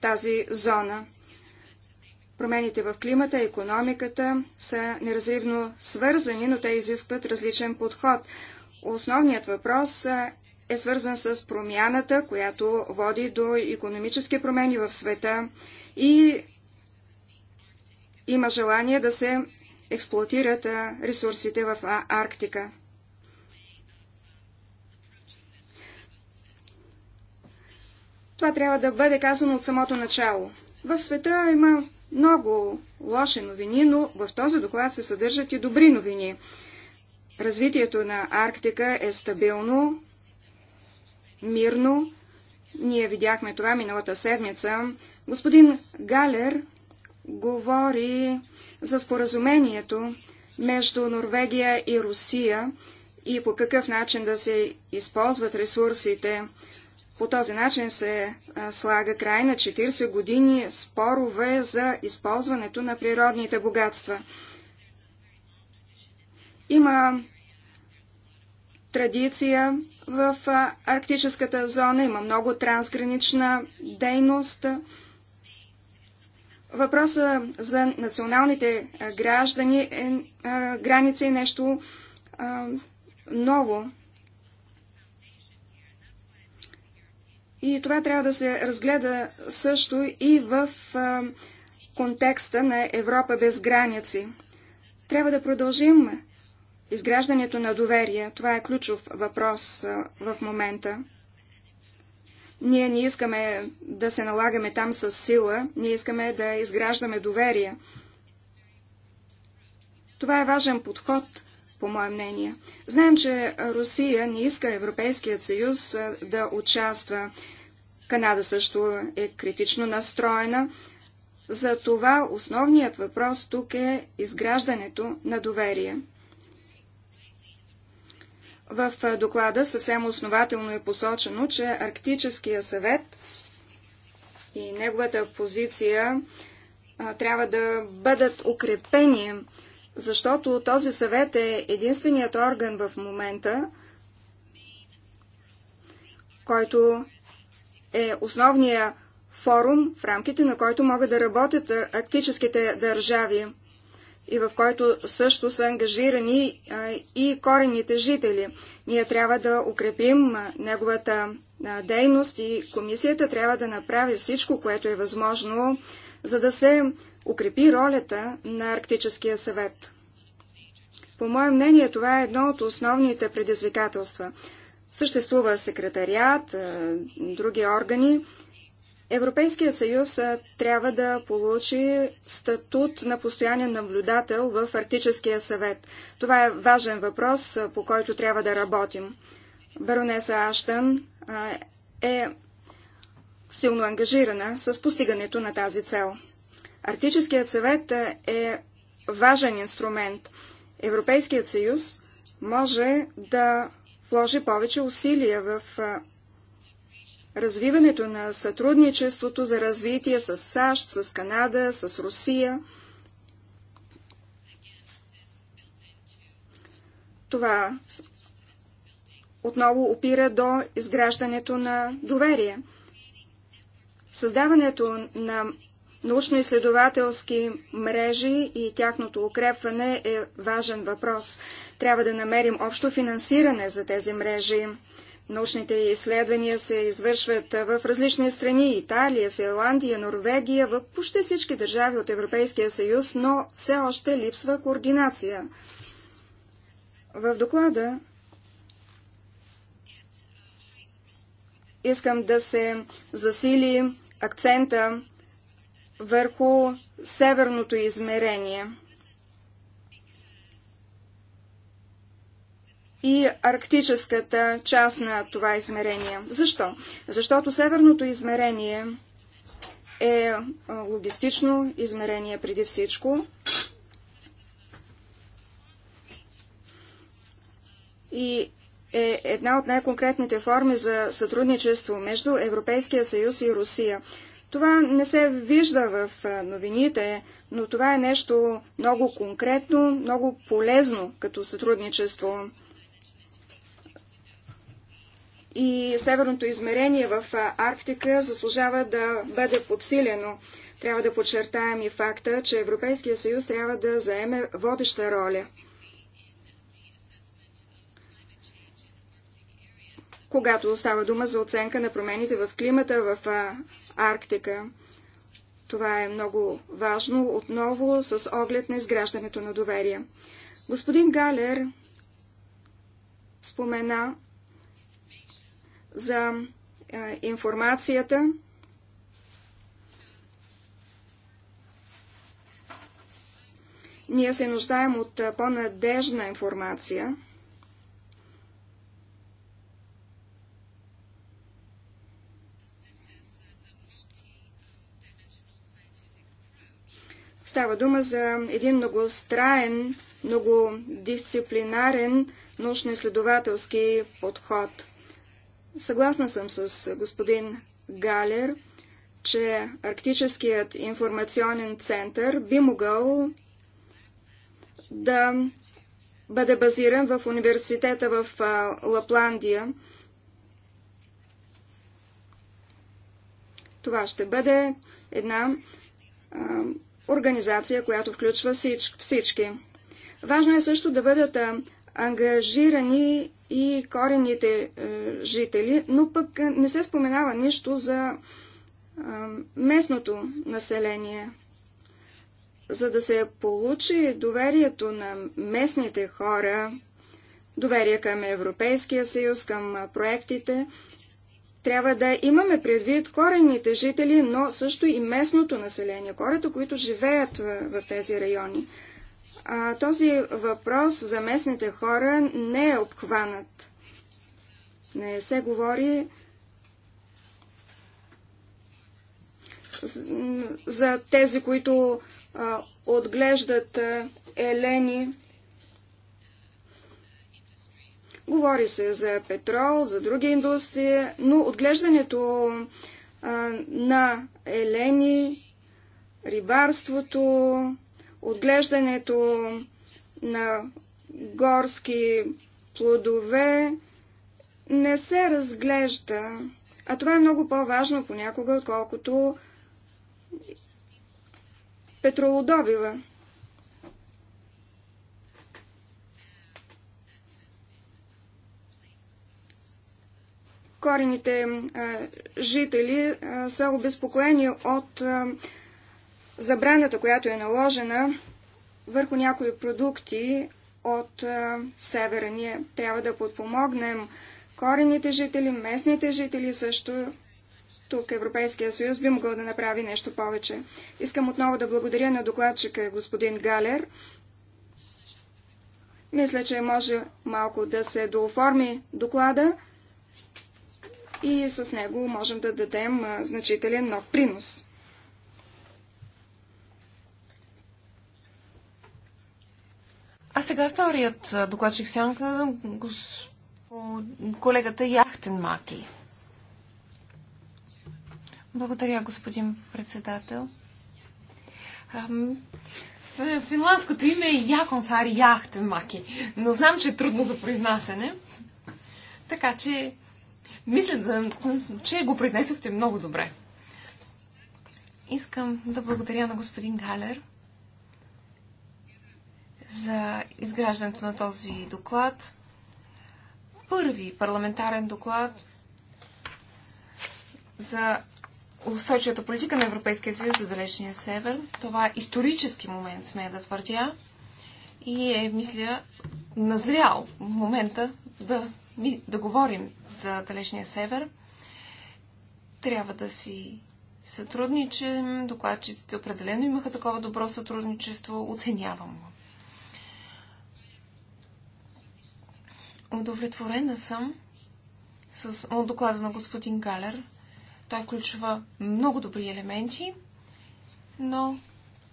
тази зона. Промените в климата, економиката са неразривно свързани, но те изискват различен подход. Основният въпрос е свързан с промяната, която води до економически промени в света и има желание да се експлуатират ресурсите в Арктика. Това трябва да бъде казано от самото начало. В света има много лоши новини, но в този доклад се съдържат и добри новини. Развитието на Арктика е стабилно, мирно. Ние видяхме това миналата седмица. Господин Галер говори за споразумението между Норвегия и Русия и по какъв начин да се използват ресурсите. По този начин се слага край на 40 години спорове за използването на природните богатства. Има традиция в арктическата зона, има много трансгранична дейност, Въпроса за националните граждани е, граници е нещо ново. И това трябва да се разгледа също и в а, контекста на Европа без граници. Трябва да продължим изграждането на доверие. Това е ключов въпрос а, в момента. Ние не искаме да се налагаме там с сила, ние искаме да изграждаме доверие. Това е важен подход, по мое мнение. Знаем, че Русия не иска Европейският съюз да участва. Канада също е критично настроена. За това основният въпрос тук е изграждането на доверие. В доклада съвсем основателно е посочено, че Арктическия съвет и неговата позиция трябва да бъдат укрепени, защото този съвет е единственият орган в момента, който е основния форум, в рамките на който могат да работят арктическите държави и в който също са ангажирани и корените жители. Ние трябва да укрепим неговата дейност и комисията трябва да направи всичко, което е възможно, за да се укрепи ролята на Арктическия съвет. По мое мнение, това е едно от основните предизвикателства. Съществува секретариат, други органи, Европейският съюз трябва да получи статут на постоянен наблюдател в Арктическия съвет. Това е важен въпрос, по който трябва да работим. Баронеса Аштън е силно ангажирана с постигането на тази цел. Арктическият съвет е важен инструмент. Европейският съюз може да вложи повече усилия в развиването на сътрудничеството за развитие с САЩ, с Канада, с Русия. Това отново опира до изграждането на доверие. Създаването на научно-изследователски мрежи и тяхното укрепване е важен въпрос. Трябва да намерим общо финансиране за тези мрежи. Научните изследвания се извършват в различни страни – Италия, Финландия, Норвегия, в почти всички държави от Европейския съюз, но все още липсва координация. В доклада искам да се засили акцента върху северното измерение – и арктическата част на това измерение. Защо? Защото северното измерение е логистично измерение преди всичко. И е една от най-конкретните форми за сътрудничество между Европейския съюз и Русия. Това не се вижда в новините, но това е нещо много конкретно, много полезно като сътрудничество и северното измерение в Арктика заслужава да бъде подсилено. Трябва да подчертаем и факта, че Европейския съюз трябва да заеме водеща роля. Когато става дума за оценка на промените в климата в Арктика, това е много важно отново с оглед на изграждането на доверие. Господин Галер спомена за информацията. Ние се нуждаем от по-надежна информация. Става дума за един многостраен, многодисциплинарен научно-изследователски подход – Съгласна съм с господин Галер, че Арктическият информационен център би могъл да бъде базиран в университета в Лапландия. Това ще бъде една а, организация, която включва всич, всички. Важно е също да бъдат а, ангажирани и корените е, жители, но пък е, не се споменава нищо за е, местното население. За да се получи доверието на местните хора, доверие към Европейския съюз, към проектите, трябва да имаме предвид корените жители, но също и местното население, хората, които живеят в тези райони а, този въпрос за местните хора не е обхванат. Не се говори за тези, които а, отглеждат а, елени. Говори се за петрол, за други индустрии, но отглеждането а, на елени, рибарството, отглеждането на горски плодове не се разглежда. А това е много по-важно понякога, отколкото петролодобива. Корените а, жители а, са обезпокоени от а, забраната, която е наложена върху някои продукти от севера. Ние трябва да подпомогнем корените жители, местните жители също. Тук Европейския съюз би могъл да направи нещо повече. Искам отново да благодаря на докладчика господин Галер. Мисля, че може малко да се дооформи доклада и с него можем да дадем значителен нов принос. А сега вторият докладчик сянка, колегата Яхтен Маки. Благодаря, господин председател. Е, финландското име е Яхтен маки, но знам, че е трудно за произнасяне. Така че, мисля, че го произнесохте много добре. Искам да благодаря на господин Галер за изграждането на този доклад. Първи парламентарен доклад за устойчивата политика на Европейския съюз за Далечния север. Това е исторически момент, смея да твърдя. И е, мисля, назрял в момента да, да говорим за Далечния север. Трябва да си сътрудничим. Докладчиците определено имаха такова добро сътрудничество. Оценявам го. Удовлетворена съм с от доклада на господин Галер. Той включва много добри елементи, но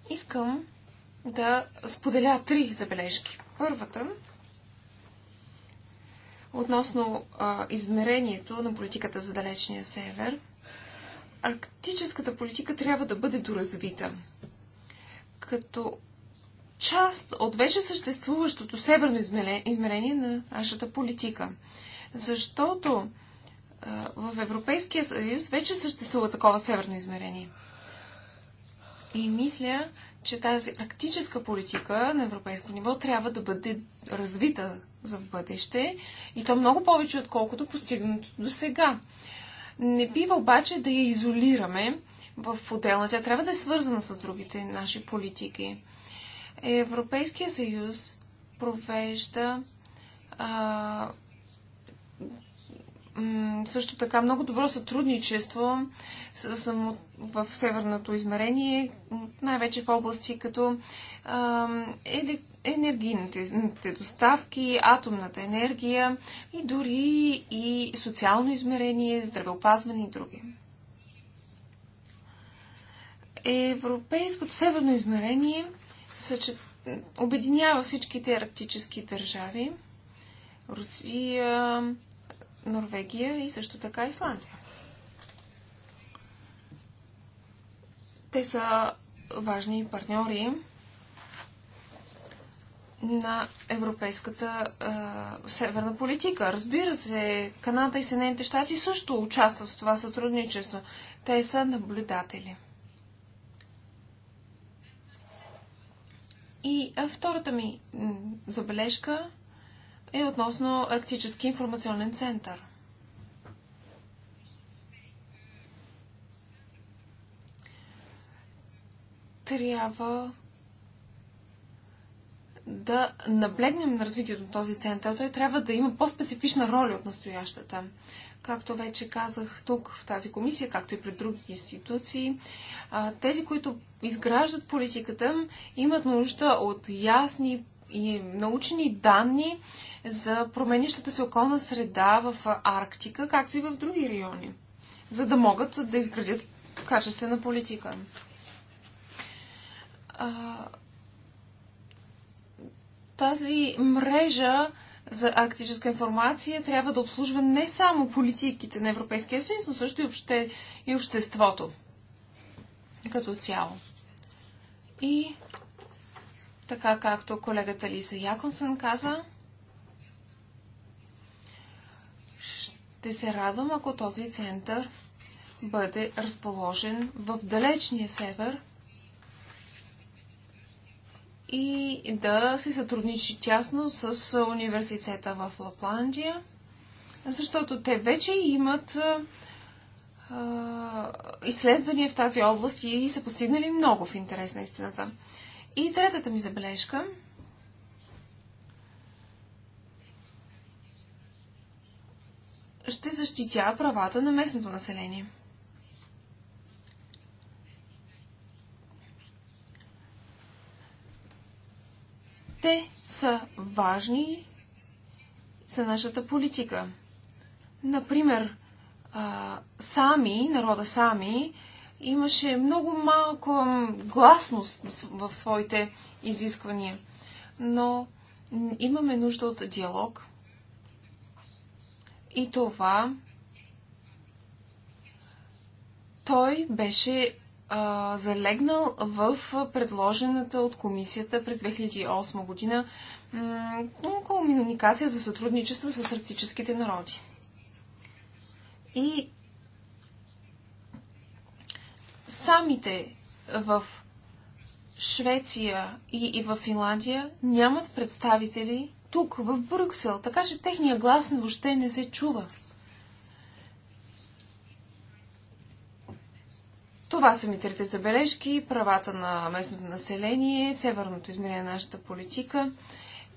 искам да споделя три забележки. Първата относно а, измерението на политиката за далечния север. Арктическата политика трябва да бъде доразвита, като част от вече съществуващото северно измерение на нашата политика. Защото в Европейския съюз вече съществува такова северно измерение. И мисля, че тази практическа политика на европейско ниво трябва да бъде развита за в бъдеще и то много повече, отколкото постигнато до сега. Не бива обаче да я изолираме в отделна. Тя трябва да е свързана с другите наши политики. Европейския съюз провежда а, също така много добро сътрудничество съм в северното измерение, най-вече в области като енергийните доставки, атомната енергия и дори и социално измерение, здравеопазване и други. Европейското северно измерение – съчет... обединява всичките арктически държави Русия, Норвегия и също така Исландия. Те са важни партньори на европейската е, северна политика. Разбира се, Канада и Съединените щати също участват в това сътрудничество. Те са наблюдатели. И втората ми забележка е относно Арктически информационен център. Трябва да наблегнем на развитието на този център. Той трябва да има по-специфична роля от настоящата. Както вече казах тук в тази комисия, както и пред други институции, тези, които изграждат политиката, имат нужда от ясни и научни данни за променящата се околна среда в Арктика, както и в други райони, за да могат да изградят качествена политика. Тази мрежа за арктическа информация трябва да обслужва не само политиките на Европейския съюз, но също и, обще, и обществото като цяло. И така както колегата Лиса Яконсън каза, ще се радвам, ако този център бъде разположен в далечния север – и да си сътрудничи тясно с университета в Лапландия, защото те вече имат изследвания в тази област и са постигнали много в интерес на истината. И третата ми забележка ще защитя правата на местното население – Те са важни за нашата политика. Например, сами, народа сами, имаше много малко гласност в своите изисквания. Но имаме нужда от диалог. И това той беше а, залегнал в предложената от комисията през 2008 година комуникация за сътрудничество с арктическите народи. И самите в Швеция и, и в Финландия нямат представители тук, в Брюксел, така че техния глас въобще не се чува. Това са ми трите забележки. Правата на местното население, северното измерение на нашата политика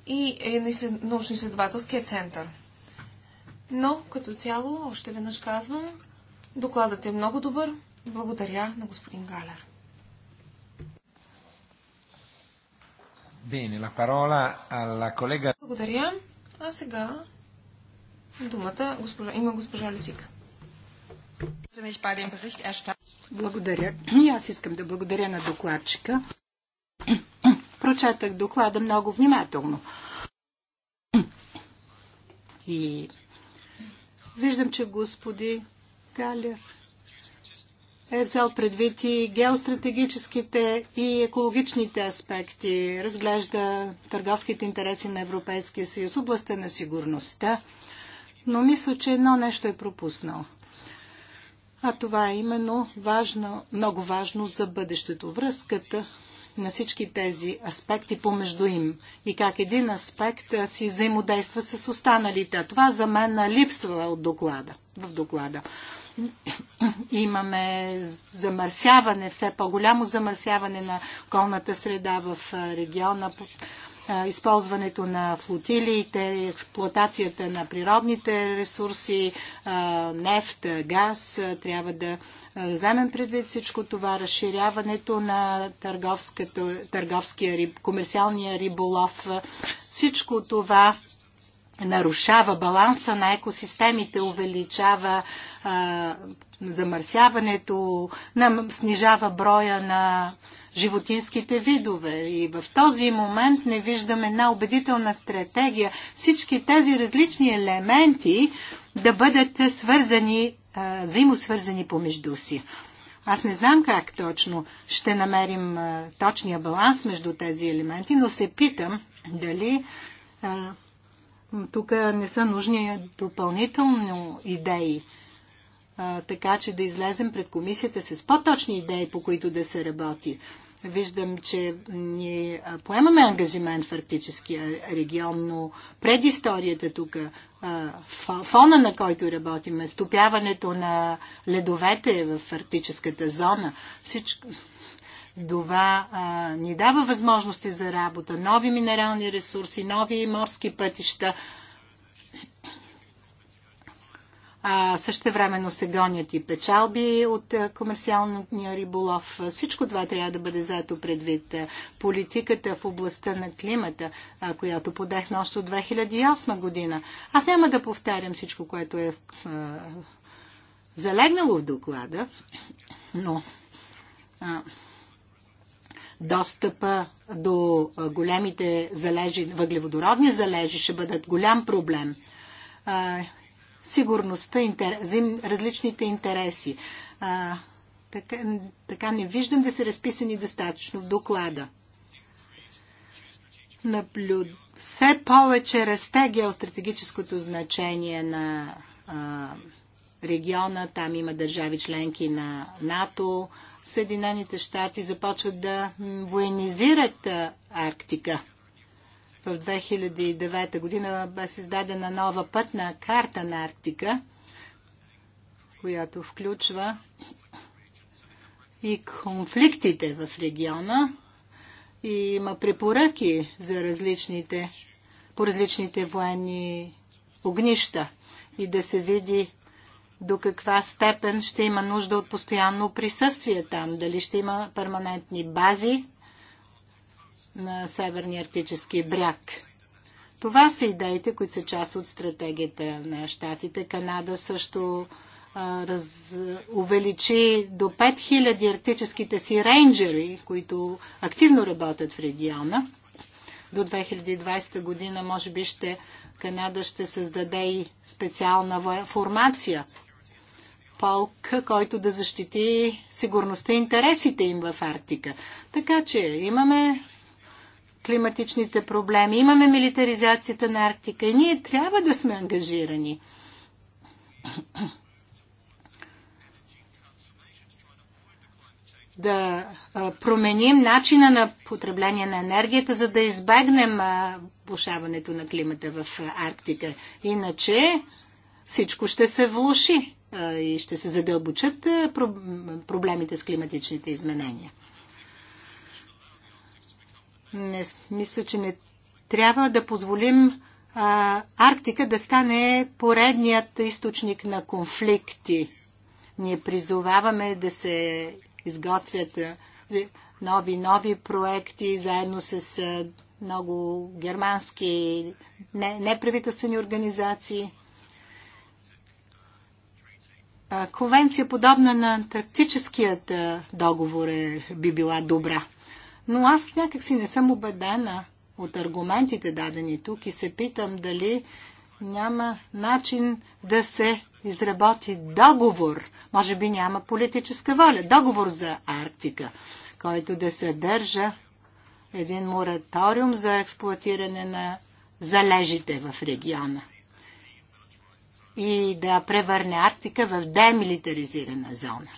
и е научно-изследователския център. Но, като цяло, още веднъж казвам, докладът е много добър. Благодаря на господин Галер. Bene, la parola alla collega... Благодаря. А сега думата госпожа, има госпожа Лисика. Благодаря. И аз искам да благодаря на докладчика. Прочетах доклада много внимателно. И виждам, че господин Галер е взел предвид и геостратегическите и екологичните аспекти, разглежда търговските интереси на Европейския съюз, областта на сигурността, но мисля, че едно нещо е пропуснал – а това е именно важно, много важно за бъдещето. Връзката на всички тези аспекти помежду им и как един аспект си взаимодейства с останалите. Това за мен липсва от доклада, в доклада. Имаме замърсяване, все по-голямо замърсяване на околната среда в региона използването на флотилиите, експлуатацията на природните ресурси, нефт, газ. Трябва да вземем предвид всичко това, разширяването на търговския, комерциалния риболов. Всичко това нарушава баланса на екосистемите, увеличава а, замърсяването, нам, снижава броя на животинските видове. И в този момент не виждаме една убедителна стратегия всички тези различни елементи да бъдат свързани, взаимосвързани помежду си. Аз не знам как точно ще намерим точния баланс между тези елементи, но се питам дали тук не са нужни допълнително идеи, така че да излезем пред комисията с по-точни идеи, по които да се работи. Виждам, че ние поемаме ангажимент в арктическия регион, но предисторията тук, фона на който работим, стопяването на ледовете в арктическата зона, всичко, това а, ни дава възможности за работа, нови минерални ресурси, нови морски пътища а, същевременно се гонят и печалби от комерциалния риболов. Всичко това трябва да бъде заето предвид. Политиката в областта на климата, която подехме още от 2008 година. Аз няма да повтарям всичко, което е залегнало в доклада, но достъпа до големите залежи, въглеводородни залежи ще бъдат голям проблем сигурността, интер... различните интереси. А, така, така не виждам да са разписани достатъчно в доклада. Наблюд... Все повече расте геостратегическото значение на а, региона. Там има държави членки на НАТО. Съединените щати започват да военизират Арктика. В 2009 година бе създадена нова пътна карта на Арктика, която включва и конфликтите в региона и има препоръки за различните, по различните военни огнища и да се види до каква степен ще има нужда от постоянно присъствие там, дали ще има перманентни бази на Северния арктически бряг. Това са идеите, които са част от стратегията на щатите. Канада също а, раз, увеличи до 5000 арктическите си рейнджери, които активно работят в региона. До 2020 година, може би, ще, Канада ще създаде и специална формация полк, който да защити сигурността и интересите им в Арктика. Така че имаме климатичните проблеми, имаме милитаризацията на Арктика и ние трябва да сме ангажирани. да променим начина на потребление на енергията, за да избегнем влушаването на климата в Арктика. Иначе всичко ще се влуши и ще се задълбочат проблемите с климатичните изменения. Не, мисля, че не трябва да позволим а, Арктика да стане поредният източник на конфликти. Ние призоваваме да се изготвят е, нови, нови проекти заедно с много германски неправителствени организации. Конвенция, подобна на Антарктическият договор, е, би била добра. Но аз някакси не съм убедена от аргументите дадени тук и се питам дали няма начин да се изработи договор. Може би няма политическа воля. Договор за Арктика, който да съдържа един мораториум за експлуатиране на залежите в региона и да превърне Арктика в демилитаризирана зона.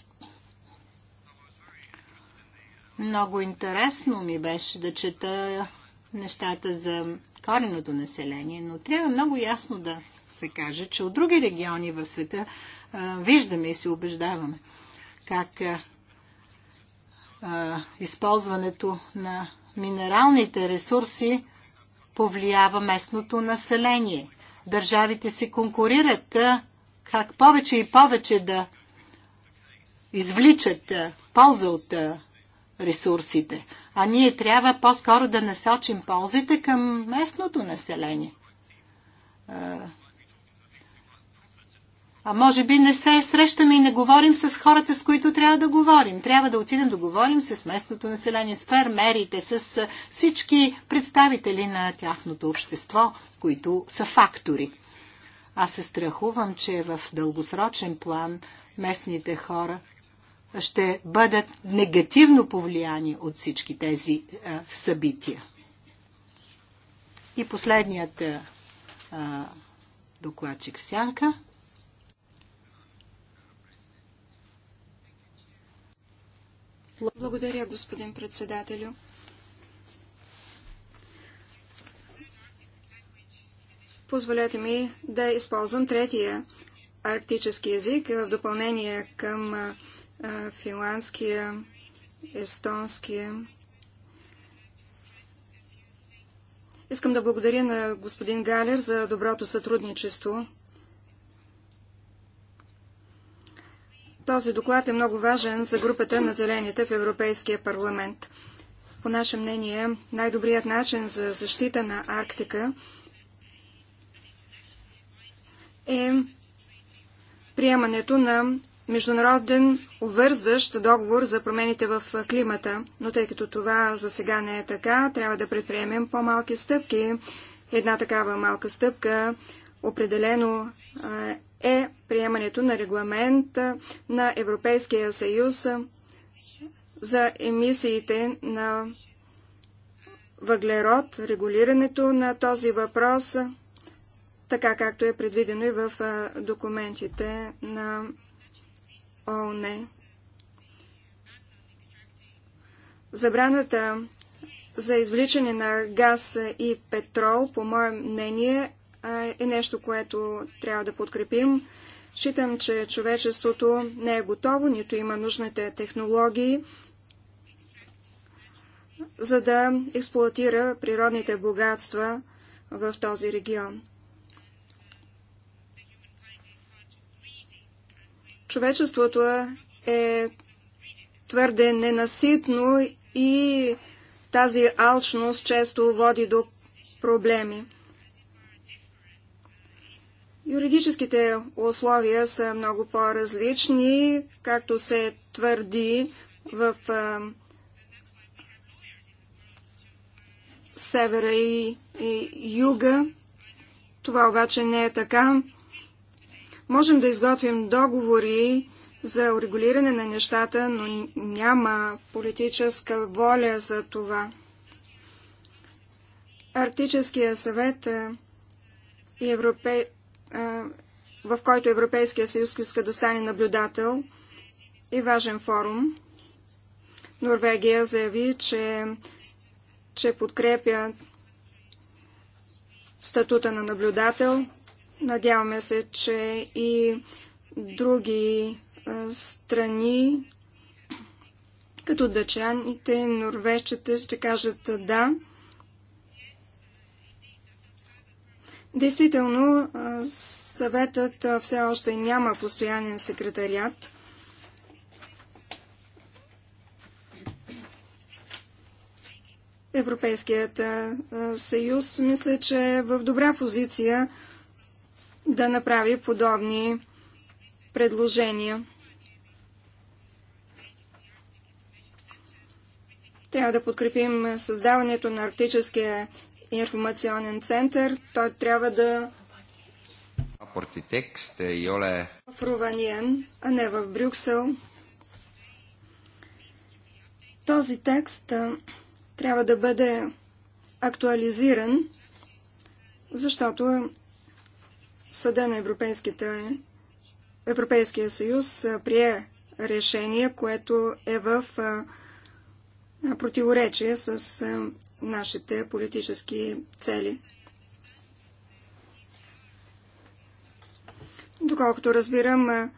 Много интересно ми беше да чета нещата за кореното население, но трябва много ясно да се каже, че от други региони в света а, виждаме и се убеждаваме как а, а, използването на минералните ресурси повлиява местното население. Държавите се конкурират как повече и повече да извличат полза от ресурсите. А ние трябва по-скоро да насочим ползите към местното население. А може би не се срещаме и не говорим с хората, с които трябва да говорим. Трябва да отидем да говорим с местното население, с фермерите, с всички представители на тяхното общество, които са фактори. Аз се страхувам, че в дългосрочен план местните хора ще бъдат негативно повлияни от всички тези е, събития. И последният е, докладчик Сянка. Благодаря, господин председателю. Позволете ми да използвам третия арктически язик в допълнение към е, финландския, естонския. Искам да благодаря на господин Галер за доброто сътрудничество. Този доклад е много важен за групата на зелените в Европейския парламент. По наше мнение, най-добрият начин за защита на Арктика е приемането на международен обвързващ договор за промените в климата, но тъй като това за сега не е така, трябва да предприемем по-малки стъпки. Една такава малка стъпка определено е, е приемането на регламент на Европейския съюз за емисиите на въглерод, регулирането на този въпрос, така както е предвидено и в документите на ООН. Забраната за извличане на газ и петрол, по мое мнение, е нещо, което трябва да подкрепим. Считам, че човечеството не е готово, нито има нужните технологии, за да експлуатира природните богатства в този регион. човечеството е твърде ненаситно и тази алчност често води до проблеми. Юридическите условия са много по-различни, както се твърди в а, севера и, и юга. Това обаче не е така. Можем да изготвим договори за урегулиране на нещата, но няма политическа воля за това. Арктическия съвет Европе... в който Европейския съюз иска да стане наблюдател и е важен форум. Норвегия заяви, че, че подкрепя статута на наблюдател. Надяваме се, че и други страни, като дъчаните, норвежчите, ще кажат да. Действително, съветът все още няма постоянен секретариат. Европейският съюз мисля, че е в добра позиция да направи подобни предложения. Трябва да подкрепим създаването на Арктическия информационен център. Той трябва да в е Руваниен, а не в Брюксел. Този текст трябва да бъде актуализиран, защото Съда на Европейските... Европейския съюз прие решение, което е в противоречие с нашите политически цели. Доколкото разбирам,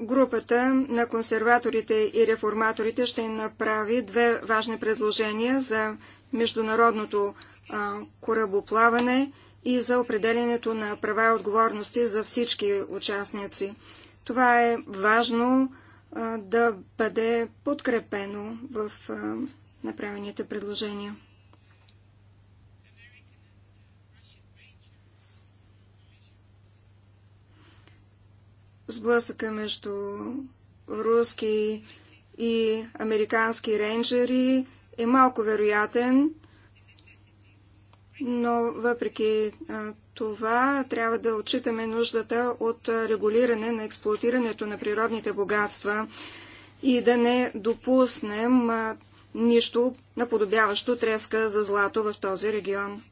групата на консерваторите и реформаторите ще направи две важни предложения за международното корабоплаване и за определенето на права и отговорности за всички участници. Това е важно а, да бъде подкрепено в а, направените предложения. Сблъсъка между руски и американски рейнджери е малко вероятен, но въпреки това трябва да отчитаме нуждата от регулиране на експлуатирането на природните богатства и да не допуснем нищо наподобяващо треска за злато в този регион.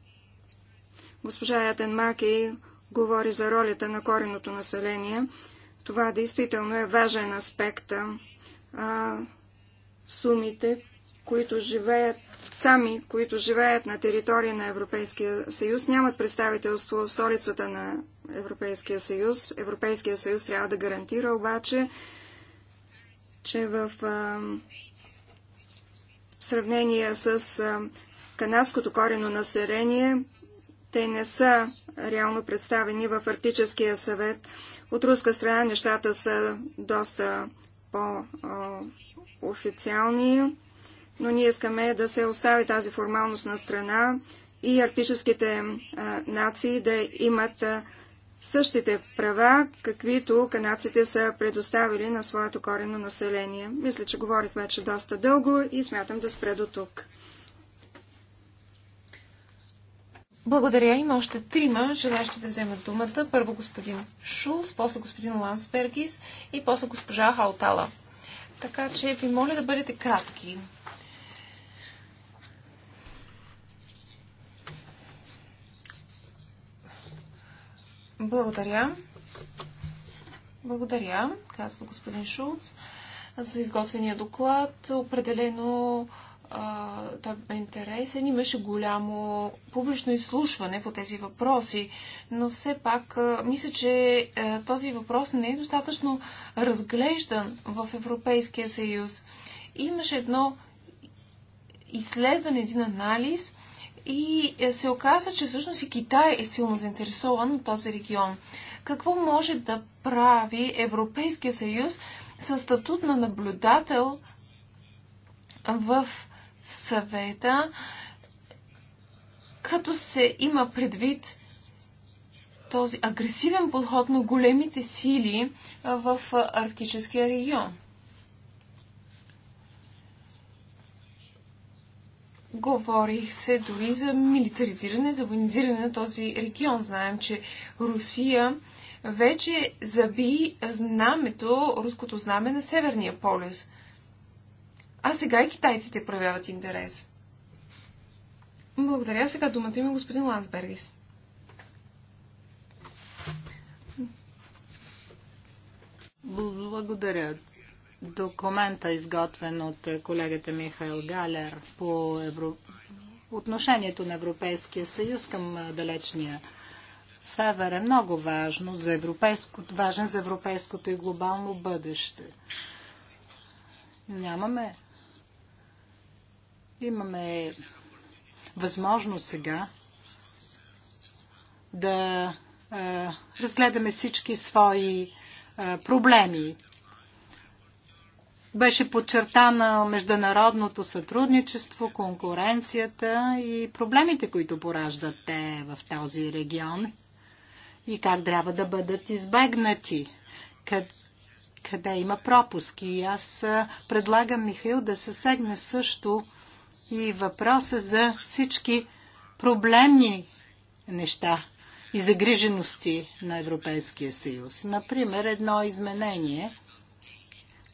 Госпожа Ятен Маки говори за ролята на кореното население. Това действително е важен аспект. А, сумите, които живеят сами, които живеят на територия на Европейския съюз, нямат представителство в столицата на Европейския съюз. Европейския съюз трябва да гарантира обаче, че в сравнение с канадското корено население, те не са реално представени в Арктическия съвет. От руска страна нещата са доста по-официални но ние искаме да се остави тази формалност на страна и арктическите а, нации да имат а, същите права, каквито канадците са предоставили на своето корено население. Мисля, че говорих вече доста дълго и смятам да спре до тук. Благодаря. Има още трима желащи да вземат думата. Първо господин Шулс, после господин Лансбергис и после госпожа Хаутала. Така че ви моля да бъдете кратки. Благодаря. Благодаря, казва господин Шулц, за изготвения доклад. Определено той бе интересен. Имаше голямо публично изслушване по тези въпроси, но все пак мисля, че този въпрос не е достатъчно разглеждан в Европейския съюз. Имаше едно изследване, един анализ и е, се оказа, че всъщност и Китай е силно заинтересован от този регион. Какво може да прави Европейския съюз със статут на наблюдател в съвета, като се има предвид този агресивен подход на големите сили в арктическия регион? Говори се дори за милитаризиране, за военизиране на този регион. Знаем, че Русия вече заби знамето, руското знаме на Северния полюс. А сега и китайците проявяват интерес. Благодаря. Сега думата има господин Лансбергис. Благодаря документа, изготвен от е, колегата Михаил Галер по евро... отношението на Европейския съюз към е, далечния север е много важно за европейско... важен за европейското и глобално бъдеще. Нямаме. Имаме възможност сега да е, разгледаме всички свои е, проблеми беше подчертана международното сътрудничество, конкуренцията и проблемите, които пораждат те в този регион и как трябва да бъдат избегнати, къде, къде има пропуски. И аз предлагам Михаил да се сегне също и въпроса за всички проблемни неща и загрижености на Европейския съюз. Например, едно изменение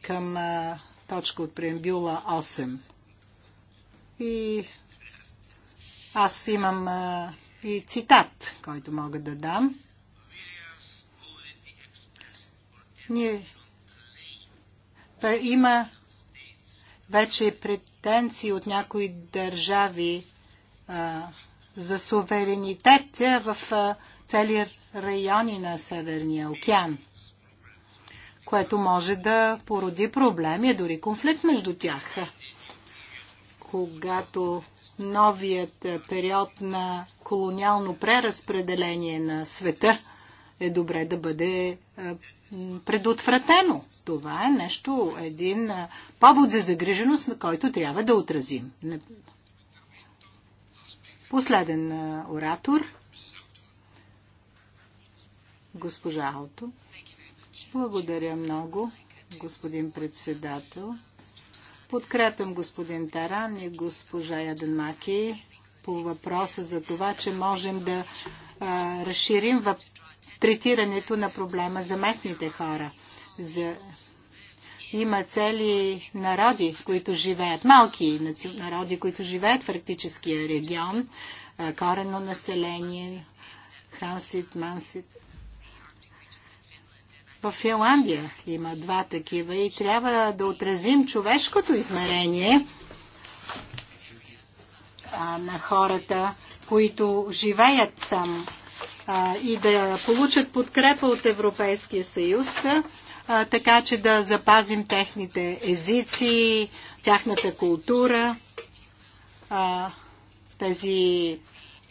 към а, точка от преамбюла 8. И аз имам а, и цитат, който мога да дам. Ние има вече претенции от някои държави а, за суверенитет в а, цели райони на Северния океан което може да породи проблеми, и е дори конфликт между тях. Когато новият период на колониално преразпределение на света е добре да бъде е, предотвратено. Това е нещо, един е, повод за загриженост, на който трябва да отразим. Последен оратор, госпожа Алто. Благодаря много, господин председател. Подкрепям господин Таран и госпожа Яденмаки по въпроса за това, че можем да а, разширим въп... третирането на проблема за местните хора. За... Има цели народи, които живеят, малки народи, които живеят в арктическия регион, а, корено население, Хансит, Мансит, в Финландия има два такива и трябва да отразим човешкото измерение а, на хората, които живеят сам а, и да получат подкрепа от Европейския съюз, а, така че да запазим техните езици, тяхната култура, а, тези,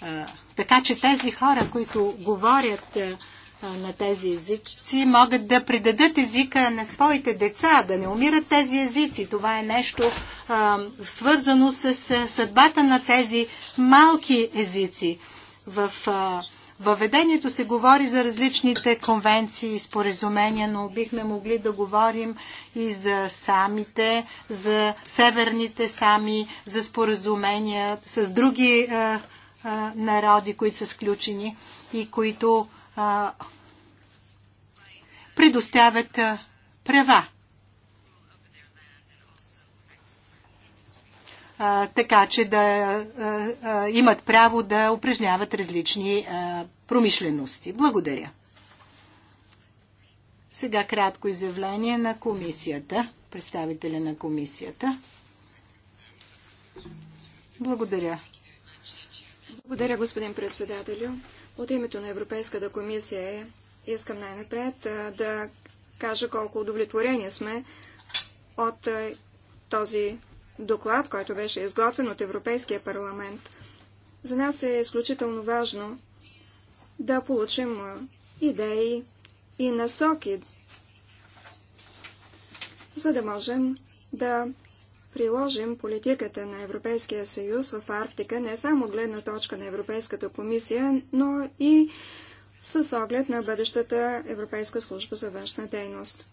а, така че тези хора, които говорят а, на тези езици, могат да предадат езика на своите деца, да не умират тези езици. Това е нещо а, свързано с съдбата на тези малки езици. В а, въведението се говори за различните конвенции и споразумения, но бихме могли да говорим и за самите, за северните сами, за споразумения с други а, а, народи, които са сключени и които а, предоставят а, права. А, така че да а, а, имат право да упражняват различни а, промишлености. Благодаря. Сега кратко изявление на комисията, представителя на комисията. Благодаря. Благодаря, господин председателю. От името на Европейската комисия искам най-напред да кажа колко удовлетворени сме от този доклад, който беше изготвен от Европейския парламент. За нас е изключително важно да получим идеи и насоки, за да можем да приложим политиката на Европейския съюз в Арктика не само от гледна точка на Европейската комисия, но и с оглед на бъдещата Европейска служба за външна дейност.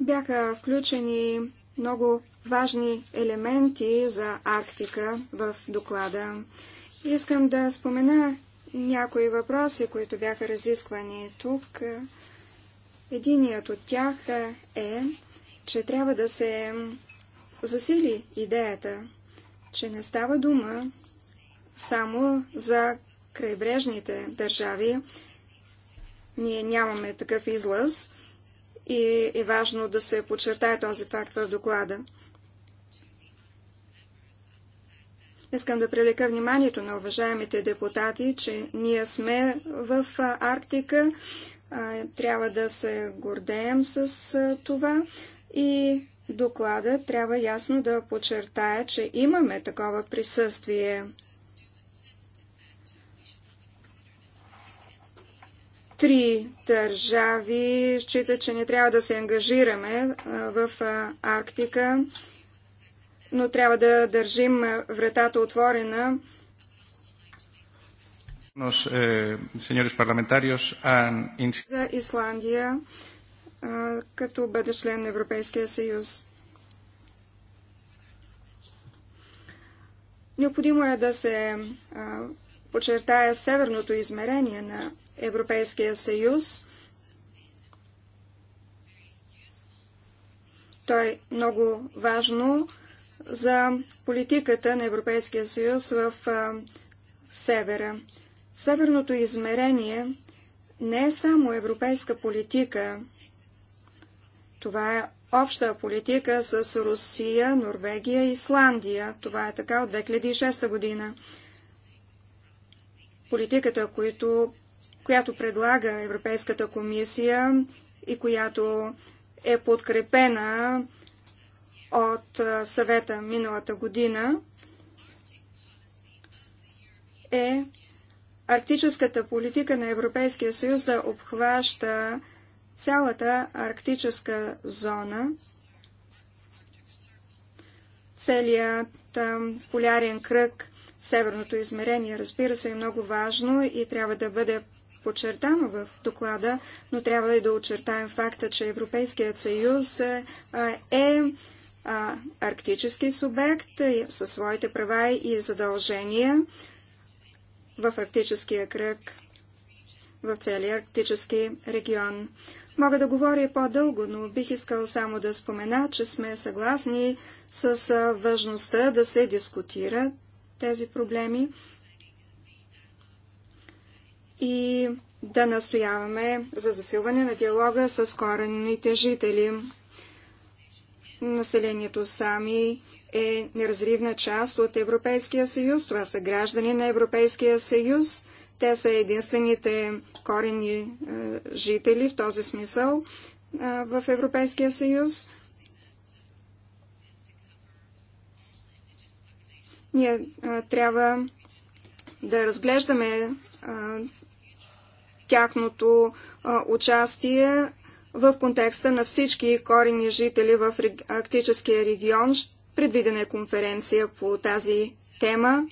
Бяха включени много важни елементи за Арктика в доклада. Искам да спомена някои въпроси, които бяха разисквани тук. Единият от тях е, че трябва да се засили идеята, че не става дума само за крайбрежните държави. Ние нямаме такъв излъз и е важно да се подчертае този факт в доклада. Искам да привлека вниманието на уважаемите депутати, че ние сме в Арктика, трябва да се гордеем с това и доклада трябва ясно да подчертая, че имаме такова присъствие. Три държави считат, че не трябва да се ангажираме в Арктика, но трябва да държим вратата отворена. Eh, За Исландия като бъде член на Европейския съюз. Необходимо е да се подчертая северното измерение на Европейския съюз. то е много важно за политиката на Европейския съюз в а, севера. Северното измерение не е само европейска политика, това е обща политика с Русия, Норвегия и Исландия. Това е така от 2006 година. Политиката, която, която предлага Европейската комисия и която е подкрепена от съвета миналата година, е арктическата политика на Европейския съюз да обхваща цялата арктическа зона, целият полярен кръг, северното измерение, разбира се, е много важно и трябва да бъде подчертано в доклада, но трябва и да очертаем факта, че Европейският съюз е, е арктически субект е, със своите права и задължения в арктическия кръг, в целия арктически регион. Мога да говоря по-дълго, но бих искал само да спомена, че сме съгласни с важността да се дискутира тези проблеми и да настояваме за засилване на диалога с коренните жители. Населението сами е неразривна част от Европейския съюз. Това са граждани на Европейския съюз. Те са единствените корени е, жители в този смисъл е, в Европейския съюз. Ние е, трябва да разглеждаме тяхното участие в контекста на всички корени жители в Арктическия регион. Предвидена е конференция по тази тема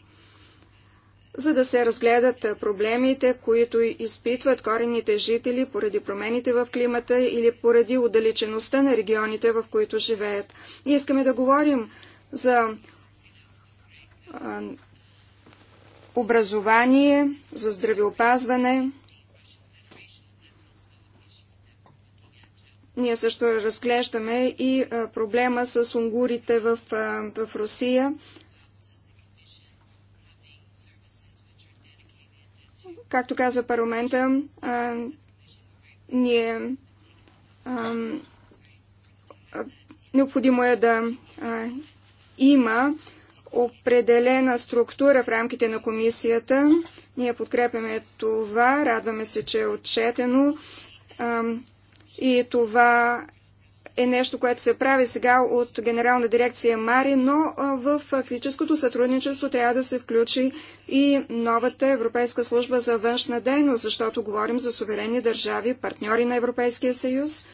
за да се разгледат проблемите, които изпитват корените жители поради промените в климата или поради отдалечеността на регионите, в които живеят. И искаме да говорим за образование, за здравеопазване. Ние също разглеждаме и проблема с унгурите в, в Русия. Както каза парламента, а, ние а, а, необходимо е да а, има определена структура в рамките на комисията. Ние подкрепяме това, радваме се, че е отчетено. А, и това е нещо, което се прави сега от Генерална дирекция Мари, но в фактическото сътрудничество трябва да се включи и новата Европейска служба за външна дейност, защото говорим за суверенни държави, партньори на Европейския съюз,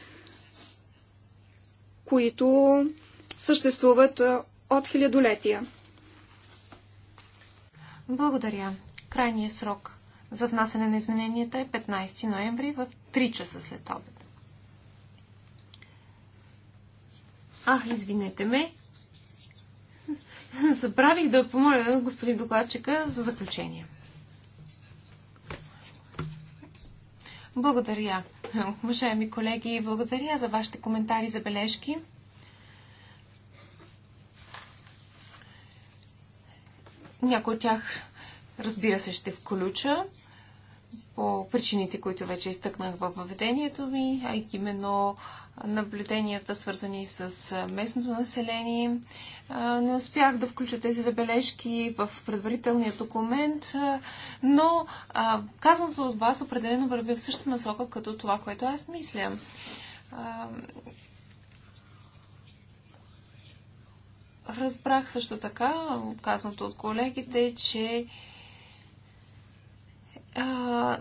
които съществуват от хилядолетия. Благодаря. Крайният срок за внасяне на измененията е 15 ноември в 3 часа след обед. А, извинете ме. Забравих да помоля господин докладчика за заключение. Благодаря. Уважаеми колеги, благодаря за вашите коментари, забележки. Някои от тях, разбира се, ще включа по причините, които вече изтъкнах във въведението ми, а именно наблюденията, свързани с местното население. Не успях да включа тези забележки в предварителния документ, но казаното от вас определено върви в същата насока, като това, което аз мисля. Разбрах също така, казаното от колегите, че а,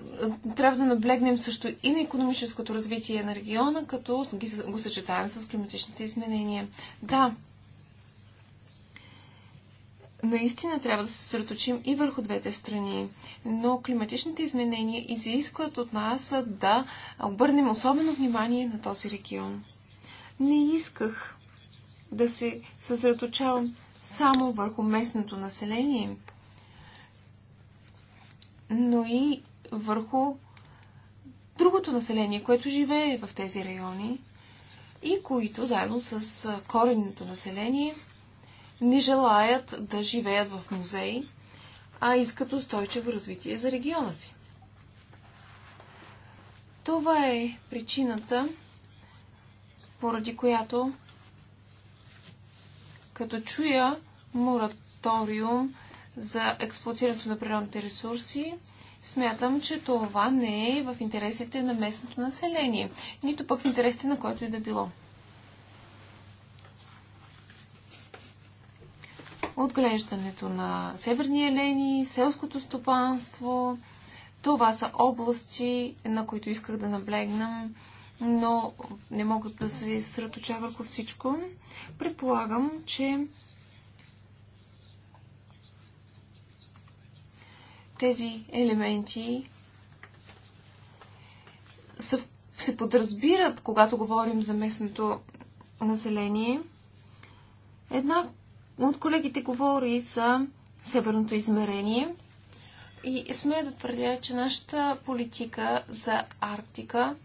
трябва да наблегнем също и на економическото развитие на региона, като го съчетаем с климатичните изменения. Да, наистина трябва да се съсредоточим и върху двете страни, но климатичните изменения изискват от нас да обърнем особено внимание на този регион. Не исках да се съсредоточавам само върху местното население – но и върху другото население, което живее в тези райони и които заедно с коренното население не желаят да живеят в музеи, а искат устойчиво развитие за региона си. Това е причината, поради която като чуя мораториум за експлуатирането на природните ресурси, смятам, че това не е в интересите на местното население, нито пък в интересите на който и да било. Отглеждането на северни елени, селското стопанство, това са области, на които исках да наблегнам, но не могат да се сръточа върху всичко. Предполагам, че тези елементи са, се подразбират, когато говорим за местното население. Една от колегите говори за северното измерение и сме да твърдя, че нашата политика за Арктика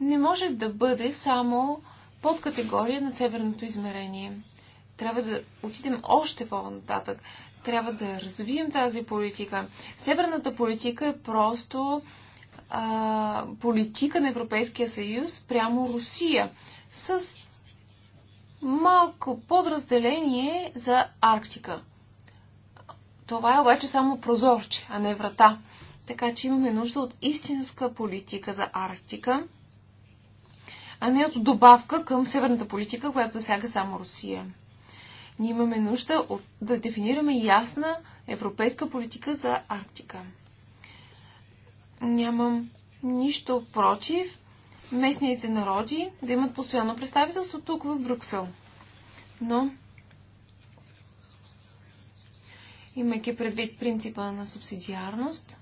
не може да бъде само под категория на северното измерение. Трябва да отидем още по-нататък. Трябва да развием тази политика. Северната политика е просто а, политика на Европейския съюз прямо Русия с малко подразделение за Арктика. Това е обаче само прозорче, а не врата. Така че имаме нужда от истинска политика за Арктика, а не от добавка към северната политика, която засяга само Русия. Ние имаме нужда от, да дефинираме ясна европейска политика за Арктика. Нямам нищо против местните народи да имат постоянно представителство тук в Брюксел. Но, имайки предвид принципа на субсидиарност,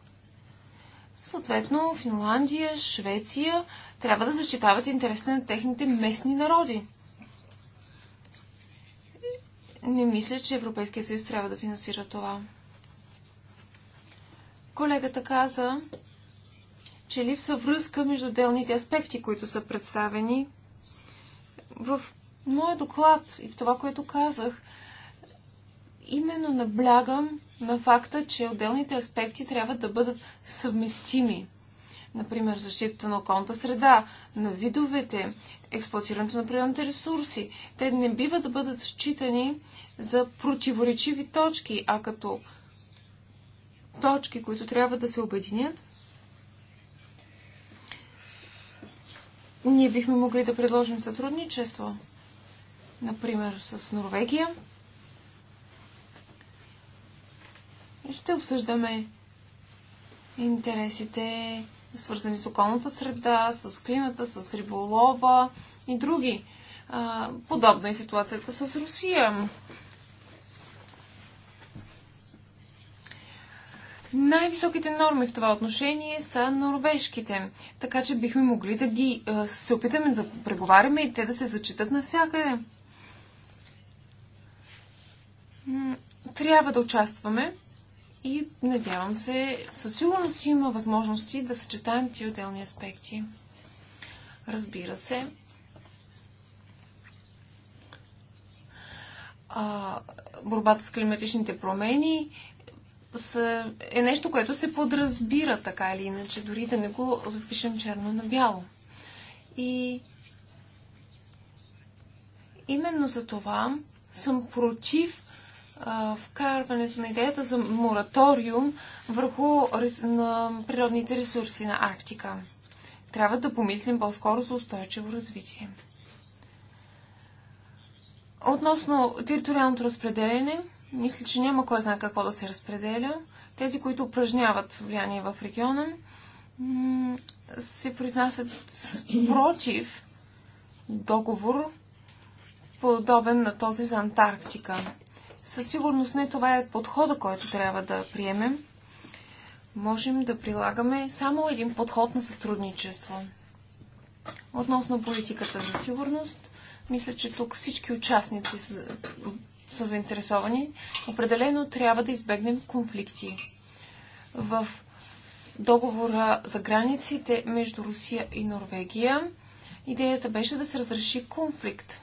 съответно Финландия, Швеция трябва да защитават интересите на техните местни народи не мисля, че Европейския съюз трябва да финансира това. Колегата каза, че липсва връзка между отделните аспекти, които са представени. В моя доклад и в това, което казах, именно наблягам на факта, че отделните аспекти трябва да бъдат съвместими. Например, защитата на околната среда, на видовете, експлуатирането на природните ресурси. Те не бива да бъдат считани за противоречиви точки, а като точки, които трябва да се обединят. Ние бихме могли да предложим сътрудничество, например с Норвегия. И ще обсъждаме интересите свързани с околната среда, с климата, с риболова и други. Подобна е ситуацията с Русия. Най-високите норми в това отношение са норвежките, така че бихме могли да ги се опитаме да преговаряме и те да се зачитат навсякъде. Трябва да участваме и надявам се, със сигурност има възможности да съчетаем тия отделни аспекти. Разбира се. А, борбата с климатичните промени са, е нещо, което се подразбира така или иначе, дори да не го запишем черно на бяло. И именно за това съм против вкарването на идеята за мораториум върху на природните ресурси на Арктика. Трябва да помислим по-скоро за устойчиво развитие. Относно териториалното разпределение, мисля, че няма кой знае какво да се разпределя. Тези, които упражняват влияние в региона, се произнасят против договор, подобен на този за Антарктика. Със сигурност не това е подхода, който трябва да приемем. Можем да прилагаме само един подход на сътрудничество. Относно политиката за сигурност, мисля, че тук всички участници са, са заинтересовани. Определено трябва да избегнем конфликти. В договора за границите между Русия и Норвегия идеята беше да се разреши конфликт.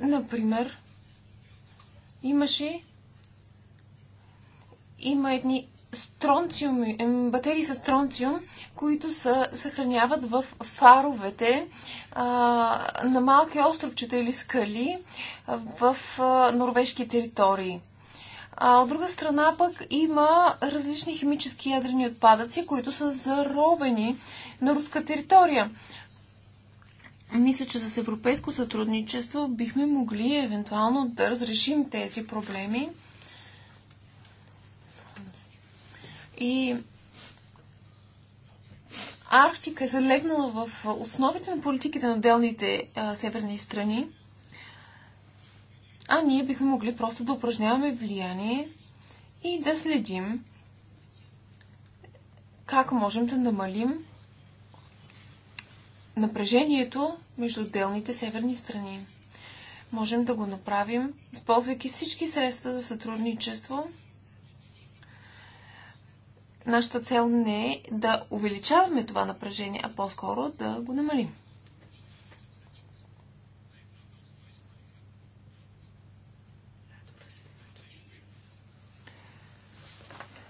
Например, имаше има едни стронциуми, батерии с стронциум, които се съхраняват в фаровете а, на малки островчета или скали в а, норвежки територии. А от друга страна пък има различни химически ядрени отпадъци, които са заровени на руска територия мисля, че с европейско сътрудничество бихме могли евентуално да разрешим тези проблеми. И Арктика е залегнала в основите на политиките на отделните а, северни страни, а ние бихме могли просто да упражняваме влияние и да следим как можем да намалим напрежението между отделните северни страни. Можем да го направим, използвайки всички средства за сътрудничество. Нашата цел не е да увеличаваме това напрежение, а по-скоро да го намалим.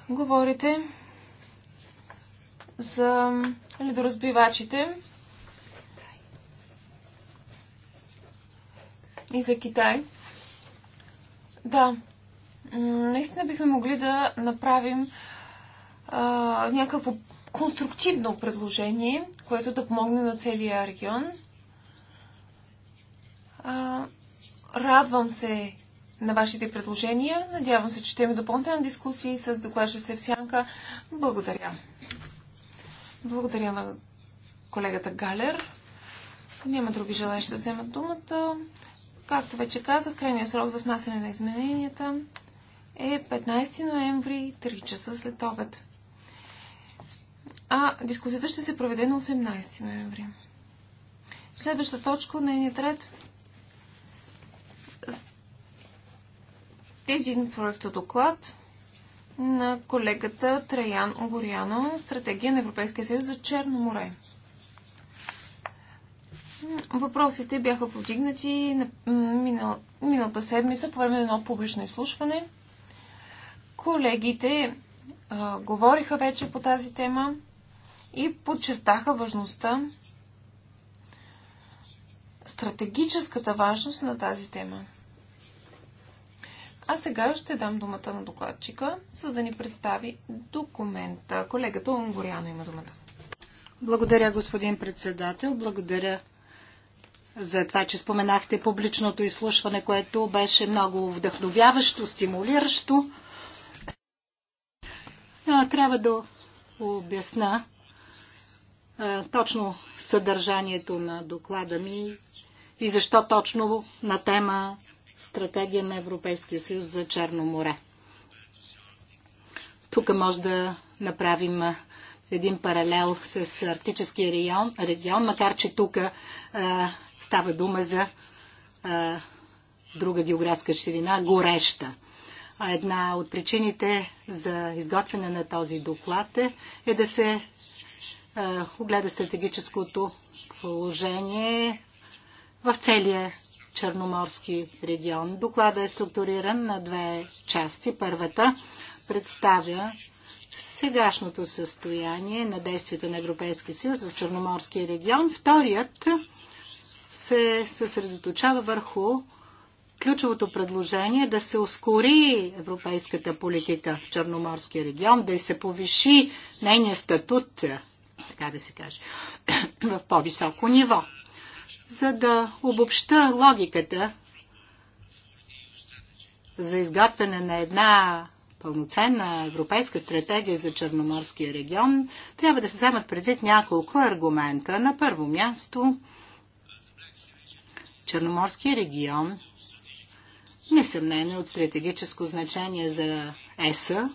Говорите за ледоразбивачите и за Китай. Да, наистина бихме могли да направим а, някакво конструктивно предложение, което да помогне на целия регион. А, радвам се на вашите предложения. Надявам се, че ще има допълнителни дискусии с докладчица в сянка. Благодаря. Благодаря на колегата Галер. Няма други желаящи да вземат думата. Както вече казах, крайният срок за внасяне на измененията е 15 ноември, 3 часа след обед. А дискусията ще се проведе на 18 ноември. Следваща точка, нейният ред. Един доклад на колегата Траян Огоряно Стратегия на Европейския съюз за Черно море. Въпросите бяха повдигнати на минал, миналата седмица по време на едно публично изслушване. Колегите а, говориха вече по тази тема и подчертаха важността, стратегическата важност на тази тема. А сега ще дам думата на докладчика, за да ни представи документа. Колегата Унгоряно има думата. Благодаря, господин председател. Благодаря за това, че споменахте публичното изслушване, което беше много вдъхновяващо, стимулиращо. Трябва да обясна точно съдържанието на доклада ми и защо точно на тема Стратегия на Европейския съюз за Черно море. Тук може да направим един паралел с арктическия регион, регион макар че тук става дума за а, друга географска ширина, гореща. А една от причините за изготвяне на този доклад е, е да се а, огледа стратегическото положение в целия Черноморски регион. Докладът е структуриран на две части. Първата представя сегашното състояние на действието на Европейския съюз в Черноморския регион. Вторият се съсредоточава върху ключовото предложение да се ускори европейската политика в Черноморския регион, да се повиши нейния статут, така да се каже, в по-високо ниво. За да обобща логиката за изготвяне на една пълноценна европейска стратегия за Черноморския регион, трябва да се вземат предвид няколко аргумента. На първо място, Черноморския регион несъмнено е от стратегическо значение за ЕСА,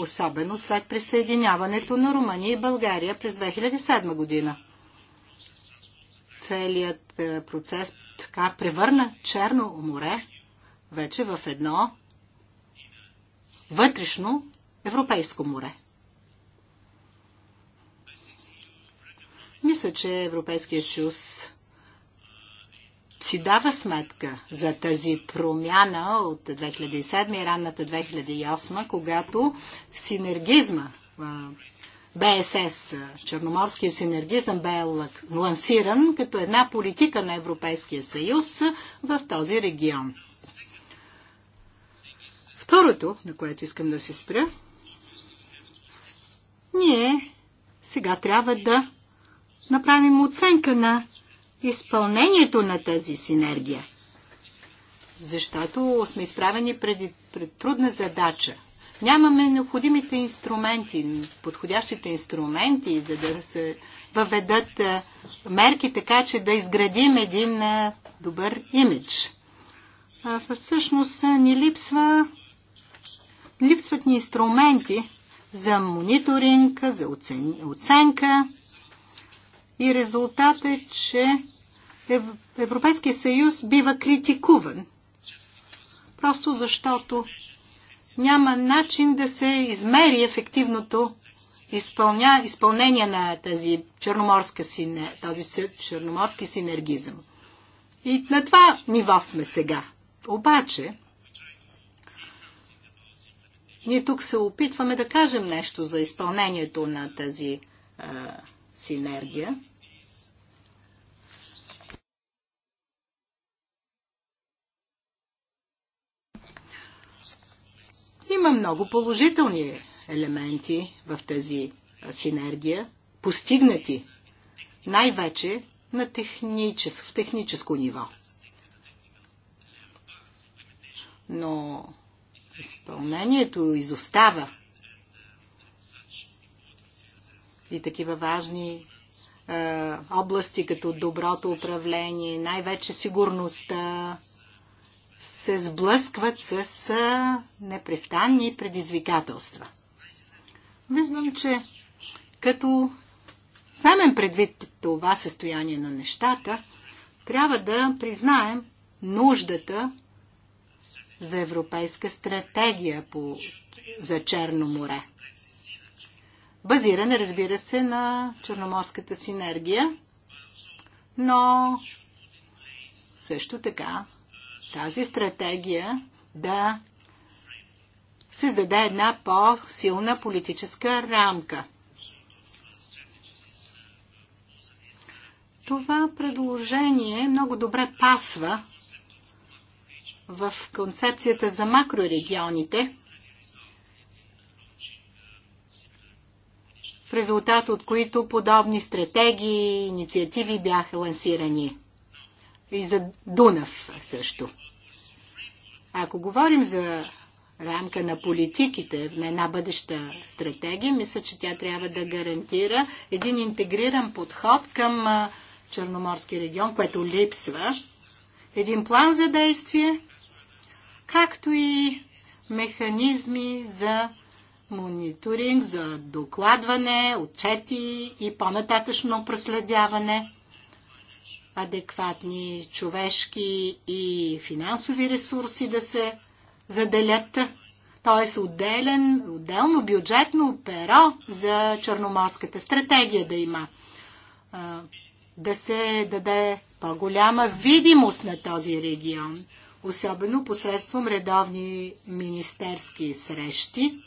особено след присъединяването на Румъния и България през 2007 година. Целият е, процес така превърна Черно море вече в едно вътрешно европейско море. Мисля, че Европейския съюз си дава сметка за тази промяна от 2007 и ранната 2008, когато синергизма, БСС, Черноморския синергизъм бе лансиран като една политика на Европейския съюз в този регион. Второто, на което искам да се спря, ние сега трябва да направим оценка на изпълнението на тази синергия. Защото сме изправени пред, пред трудна задача. Нямаме необходимите инструменти, подходящите инструменти, за да се въведат мерки така, че да изградим един добър имидж. А всъщност ни липсва Липсват ни инструменти за мониторинг, за оценка и резултат е, че Европейския съюз бива критикуван. Просто защото няма начин да се измери ефективното изпълня, изпълнение на тази черноморска, този черноморски синергизъм. И на това ниво сме сега. Обаче, ние тук се опитваме да кажем нещо за изпълнението на тази а, синергия. Има много положителни елементи в тази синергия, постигнати най-вече на техничес, в техническо ниво. Но Изпълнението изостава. И такива важни е, области, като доброто управление, най-вече сигурността, се сблъскват с е, непрестанни предизвикателства. Виждам, че като самен предвид това състояние на нещата, трябва да признаем нуждата за европейска стратегия по, за Черно море. Базиране, разбира се, на черноморската синергия, но също така тази стратегия да създаде една по-силна политическа рамка. Това предложение много добре пасва в концепцията за макрорегионите, в резултат от които подобни стратегии и инициативи бяха лансирани. И за Дунав също. Ако говорим за рамка на политиките на една бъдеща стратегия, мисля, че тя трябва да гарантира един интегриран подход към Черноморски регион, което липсва. Един план за действие, както и механизми за мониторинг, за докладване, отчети и по-нататъчно проследяване, адекватни човешки и финансови ресурси да се заделят, т.е. отделен, отделно бюджетно перо за Черноморската стратегия да има. Да се даде по-голяма видимост на този регион – особено посредством редовни министерски срещи.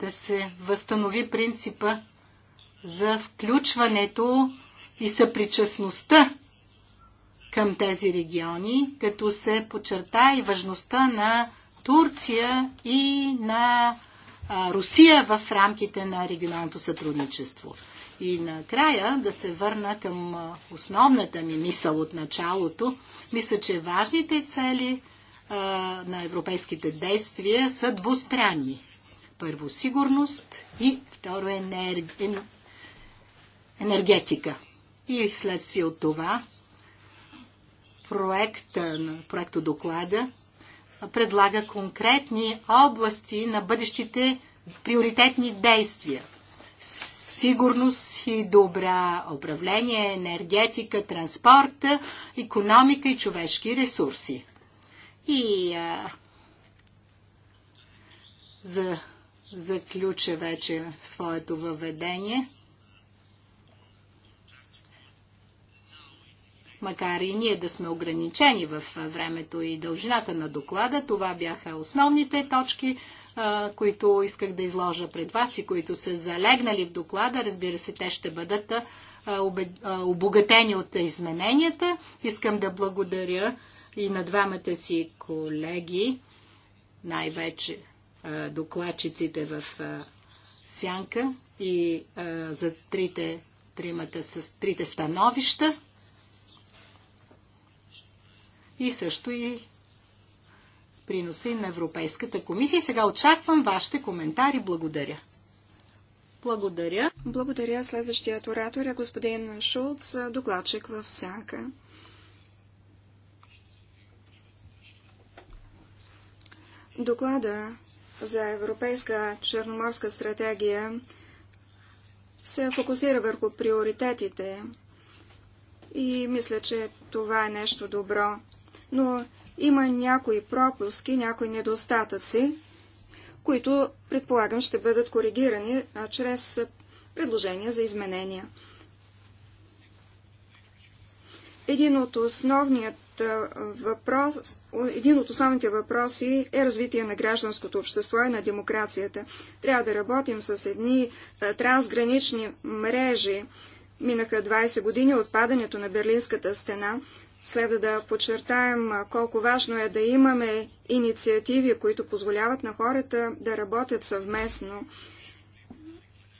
Да се възстанови принципа за включването и съпричастността към тези региони, като се подчерта и важността на Турция и на Русия в рамките на регионалното сътрудничество. И накрая да се върна към основната ми мисъл от началото. Мисля, че важните цели а, на европейските действия са двустранни. Първо сигурност и второ енер... енергетика. И вследствие от това проекта, проекто доклада предлага конкретни области на бъдещите приоритетни действия сигурност и добра управление, енергетика, транспорт, економика и човешки ресурси. И а, за, заключа вече своето въведение. Макар и ние да сме ограничени в времето и дължината на доклада, това бяха основните точки, които исках да изложа пред вас и които са залегнали в доклада. Разбира се, те ще бъдат обогатени от измененията. Искам да благодаря и на двамата си колеги, най-вече докладчиците в сянка и за трите, тримата с трите становища. И също и приноса и на Европейската комисия. Сега очаквам вашите коментари. Благодаря. Благодаря. Благодаря. Следващият оратор е господин Шулц, докладчик в Сянка. Доклада за Европейска черноморска стратегия се фокусира върху приоритетите и мисля, че това е нещо добро но има някои пропуски, някои недостатъци, които предполагам ще бъдат коригирани а, чрез предложения за изменения. Един от, основният въпрос, един от основните въпроси е развитие на гражданското общество и на демокрацията. Трябва да работим с едни трансгранични мрежи. Минаха 20 години от падането на Берлинската стена. Следва да подчертаем колко важно е да имаме инициативи, които позволяват на хората да работят съвместно.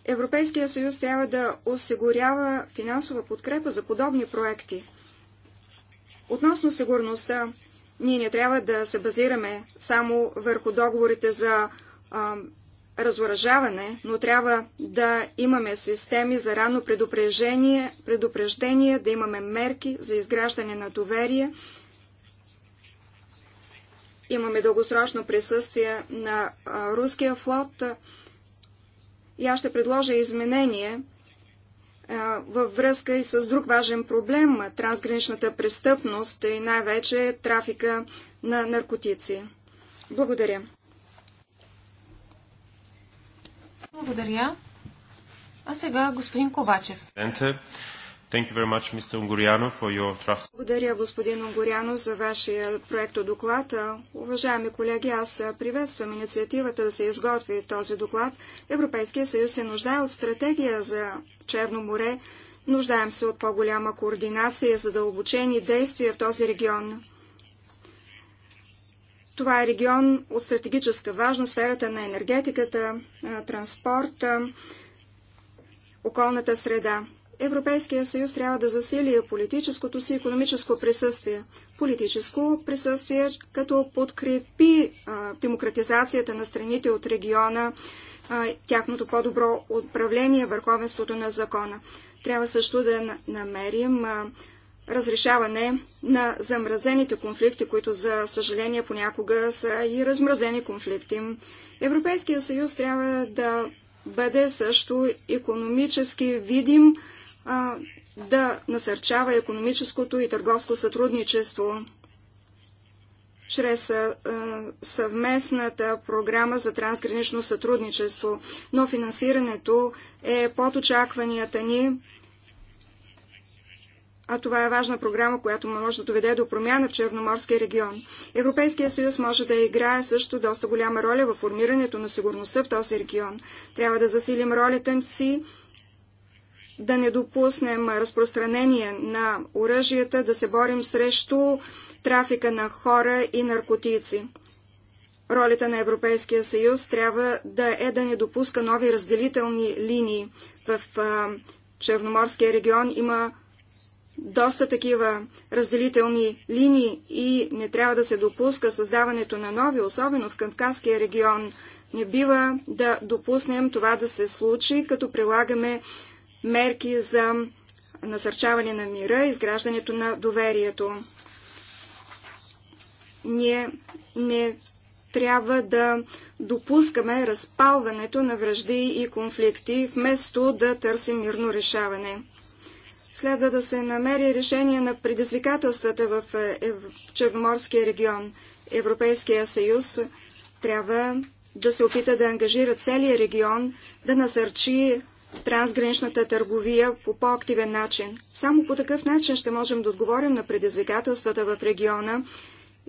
Европейския съюз трябва да осигурява финансова подкрепа за подобни проекти. Относно сигурността, ние не трябва да се базираме само върху договорите за а, разоръжаване, но трябва да имаме системи за рано предупреждение, предупреждение да имаме мерки за изграждане на доверие. Имаме дългосрочно присъствие на руския флот и аз ще предложа изменение във връзка и с друг важен проблем – трансграничната престъпност и най-вече трафика на наркотици. Благодаря. Благодаря. А сега господин Ковачев. Much, your... Благодаря, господин Унгуряно, за вашия проект доклад. Уважаеми колеги, аз приветствам инициативата да се изготви този доклад. Европейския съюз се нуждае от стратегия за Черно море. Нуждаем се от по-голяма координация и задълбочени действия в този регион. Това е регион от стратегическа важност, сферата на енергетиката, транспорта, околната среда. Европейския съюз трябва да засили политическото си економическо присъствие. Политическо присъствие, като подкрепи а, демократизацията на страните от региона, а, тяхното по-добро управление, върховенството на закона. Трябва също да намерим а, разрешаване на замразените конфликти, които за съжаление понякога са и размразени конфликти. Европейския съюз трябва да бъде също економически видим, а, да насърчава економическото и търговско сътрудничество чрез а, съвместната програма за трансгранично сътрудничество, но финансирането е под очакванията ни а това е важна програма, която може да доведе до промяна в Черноморския регион. Европейския съюз може да играе също доста голяма роля в формирането на сигурността в този регион. Трябва да засилим ролята си, да не допуснем разпространение на оръжията, да се борим срещу трафика на хора и наркотици. Ролята на Европейския съюз трябва да е да не допуска нови разделителни линии. В а, Черноморския регион има доста такива разделителни линии и не трябва да се допуска създаването на нови, особено в Кавказския регион. Не бива да допуснем това да се случи, като прилагаме мерки за насърчаване на мира, изграждането на доверието. Ние не трябва да допускаме разпалването на връжди и конфликти, вместо да търсим мирно решаване. Следва да се намери решение на предизвикателствата е, е, в Черноморския регион. Европейския съюз трябва да се опита да ангажира целия регион, да насърчи трансграничната търговия по по-активен начин. Само по такъв начин ще можем да отговорим на предизвикателствата в региона.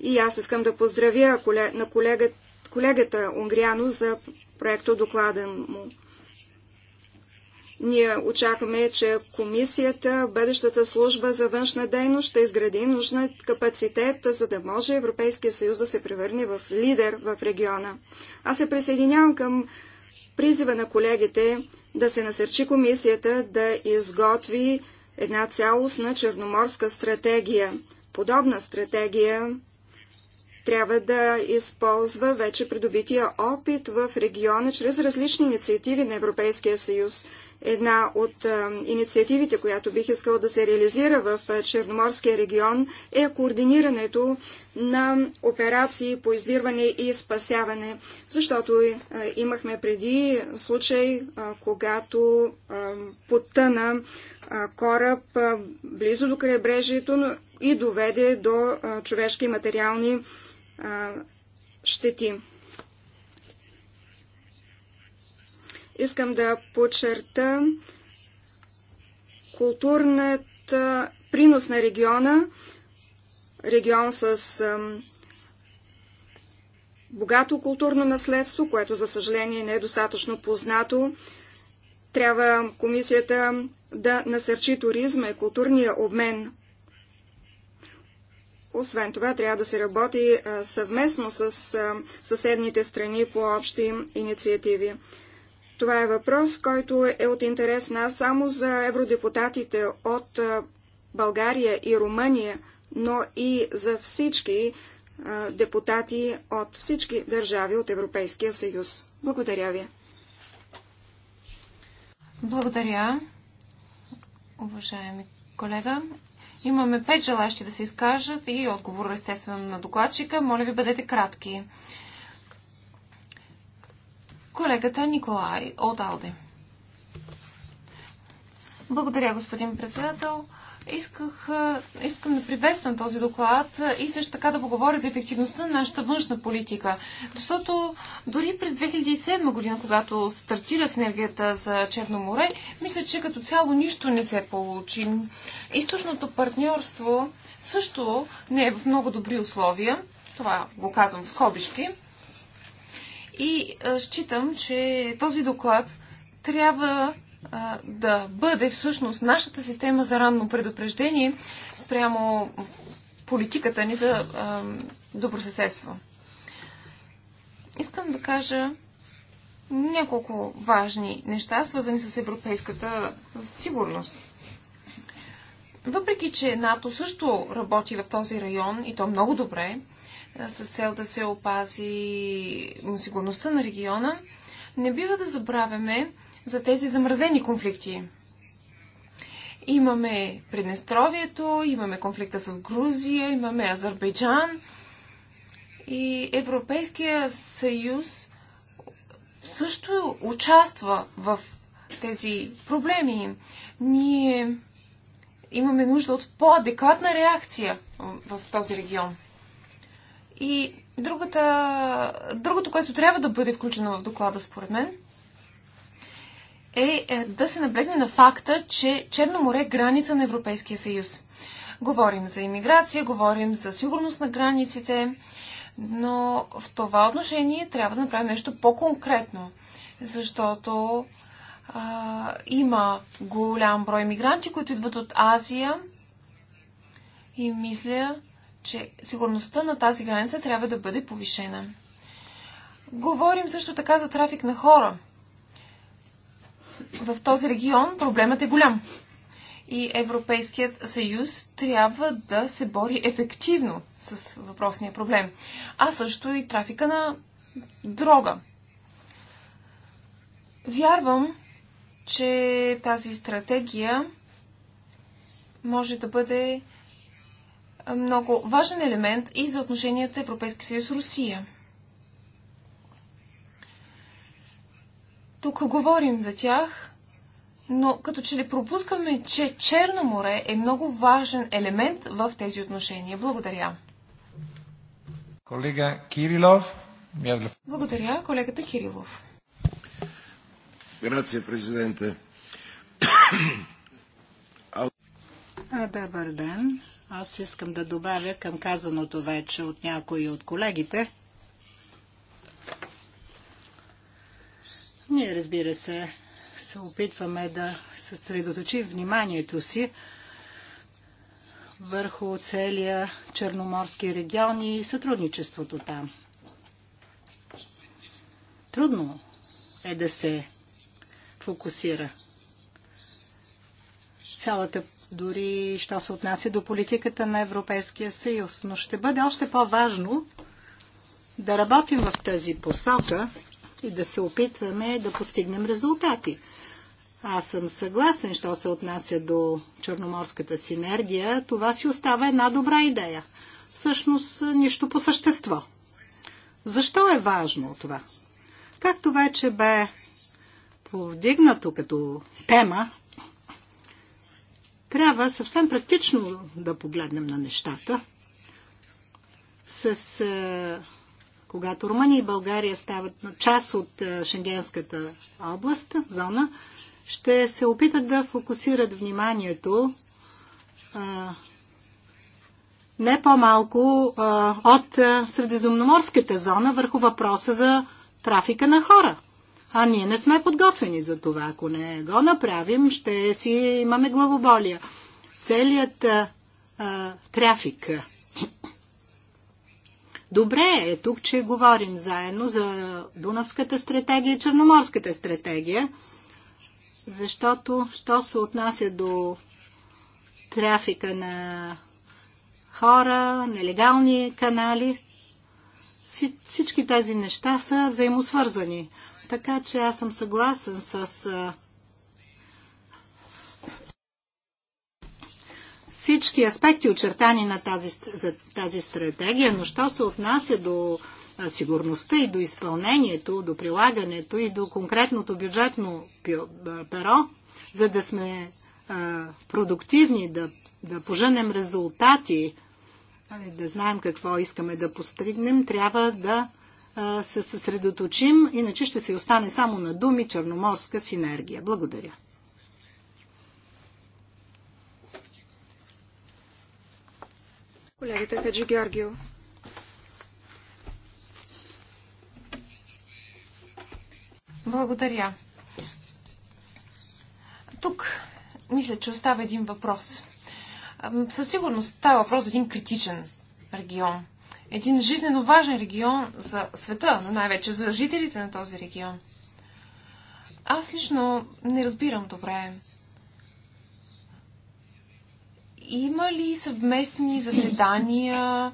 И аз искам да поздравя колег... на колегата, колегата Унгряно за проекто доклада му. Ние очакваме, че комисията, бъдещата служба за външна дейност ще изгради нужна капацитет, за да може Европейския съюз да се превърне в лидер в региона. Аз се присъединявам към призива на колегите да се насърчи комисията да изготви една цялостна черноморска стратегия. Подобна стратегия трябва да използва вече придобития опит в региона чрез различни инициативи на Европейския съюз. Една от а, е, инициативите, която бих искал да се реализира в е, Черноморския регион, е координирането на операции по издирване и спасяване, защото а, е, имахме преди случай, когато потъна кораб близо до крайбрежието, и доведе до човешки и материални щети. Искам да подчерта културният принос на региона, регион с богато културно наследство, което за съжаление не е достатъчно познато. Трябва комисията да насърчи туризма и културния обмен. Освен това, трябва да се работи съвместно с съседните страни по общи инициативи. Това е въпрос, който е от интерес не само за евродепутатите от България и Румъния, но и за всички депутати от всички държави от Европейския съюз. Благодаря ви. Благодаря, уважаеми колега. Имаме пет желащи да се изкажат и отговор естествено на докладчика. Моля ви, бъдете кратки. Колегата Николай от Ауди. Благодаря, господин председател. Исках, искам да приветствам този доклад и също така да поговоря за ефективността на нашата външна политика. Защото дори през 2007 година, когато стартира синергията за Черно море, мисля, че като цяло нищо не се получи. Източното партньорство също не е в много добри условия. Това го казвам с хобишки. И считам, че този доклад трябва да бъде всъщност нашата система за ранно предупреждение спрямо политиката ни за а, добросъседство. Искам да кажа няколко важни неща, свързани с европейската сигурност. Въпреки, че НАТО също работи в този район и то много добре, с цел да се опази сигурността на региона, не бива да забравяме, за тези замразени конфликти. Имаме Приднестровието, имаме конфликта с Грузия, имаме Азербайджан и Европейския съюз също участва в тези проблеми. Ние имаме нужда от по-адекватна реакция в този регион. И другата, другото, което трябва да бъде включено в доклада, според мен – е, е да се наблегне на факта, че Черно море е граница на Европейския съюз. Говорим за иммиграция, говорим за сигурност на границите, но в това отношение трябва да направим нещо по-конкретно, защото а, има голям брой мигранти, които идват от Азия и мисля, че сигурността на тази граница трябва да бъде повишена. Говорим също така за трафик на хора – в този регион проблемът е голям. И Европейският съюз трябва да се бори ефективно с въпросния проблем. А също и трафика на дрога. Вярвам, че тази стратегия може да бъде много важен елемент и за отношенията Европейски съюз-Русия. Тук говорим за тях, но като че ли пропускаме, че Черно море е много важен елемент в тези отношения. Благодаря. Колега Кирилов. Благодаря, колегата Кирилов. Грация, президенте. Добър ден. Аз искам да добавя към казаното вече от някои от колегите Ние, разбира се, се опитваме да съсредоточим вниманието си върху целия Черноморски регион и сътрудничеството там. Трудно е да се фокусира. Цялата, дори що се отнася до политиката на Европейския съюз. Но ще бъде още по-важно да работим в тази посока, и да се опитваме да постигнем резултати. Аз съм съгласен, що се отнася до черноморската синергия. Това си остава една добра идея. Същност е, нищо по същество. Защо е важно това? Както вече бе повдигнато като тема, трябва съвсем практично да погледнем на нещата с е, когато Румъния и България стават на част от е, Шенгенската област, зона, ще се опитат да фокусират вниманието а, е, не по-малко е, от а, средиземноморската зона върху въпроса за трафика на хора. А ние не сме подготвени за това. Ако не го направим, ще си имаме главоболия. Целият а, трафик Добре е тук, че говорим заедно за Дунавската стратегия и Черноморската стратегия, защото, що се отнася до трафика на хора, нелегални канали, всички тези неща са взаимосвързани. Така че аз съм съгласен с всички аспекти, очертани на тази, за тази стратегия, но що се отнася до сигурността и до изпълнението, до прилагането и до конкретното бюджетно перо, за да сме а, продуктивни, да, да поженем резултати, да знаем какво искаме да постигнем, трябва да а, се съсредоточим, иначе ще се остане само на думи черноморска синергия. Благодаря. Колегата Хаджи Георгио. Благодаря. Тук мисля, че остава един въпрос. Със сигурност става въпрос за един критичен регион. Един жизненно важен регион за света, но най-вече за жителите на този регион. Аз лично не разбирам добре има ли съвместни заседания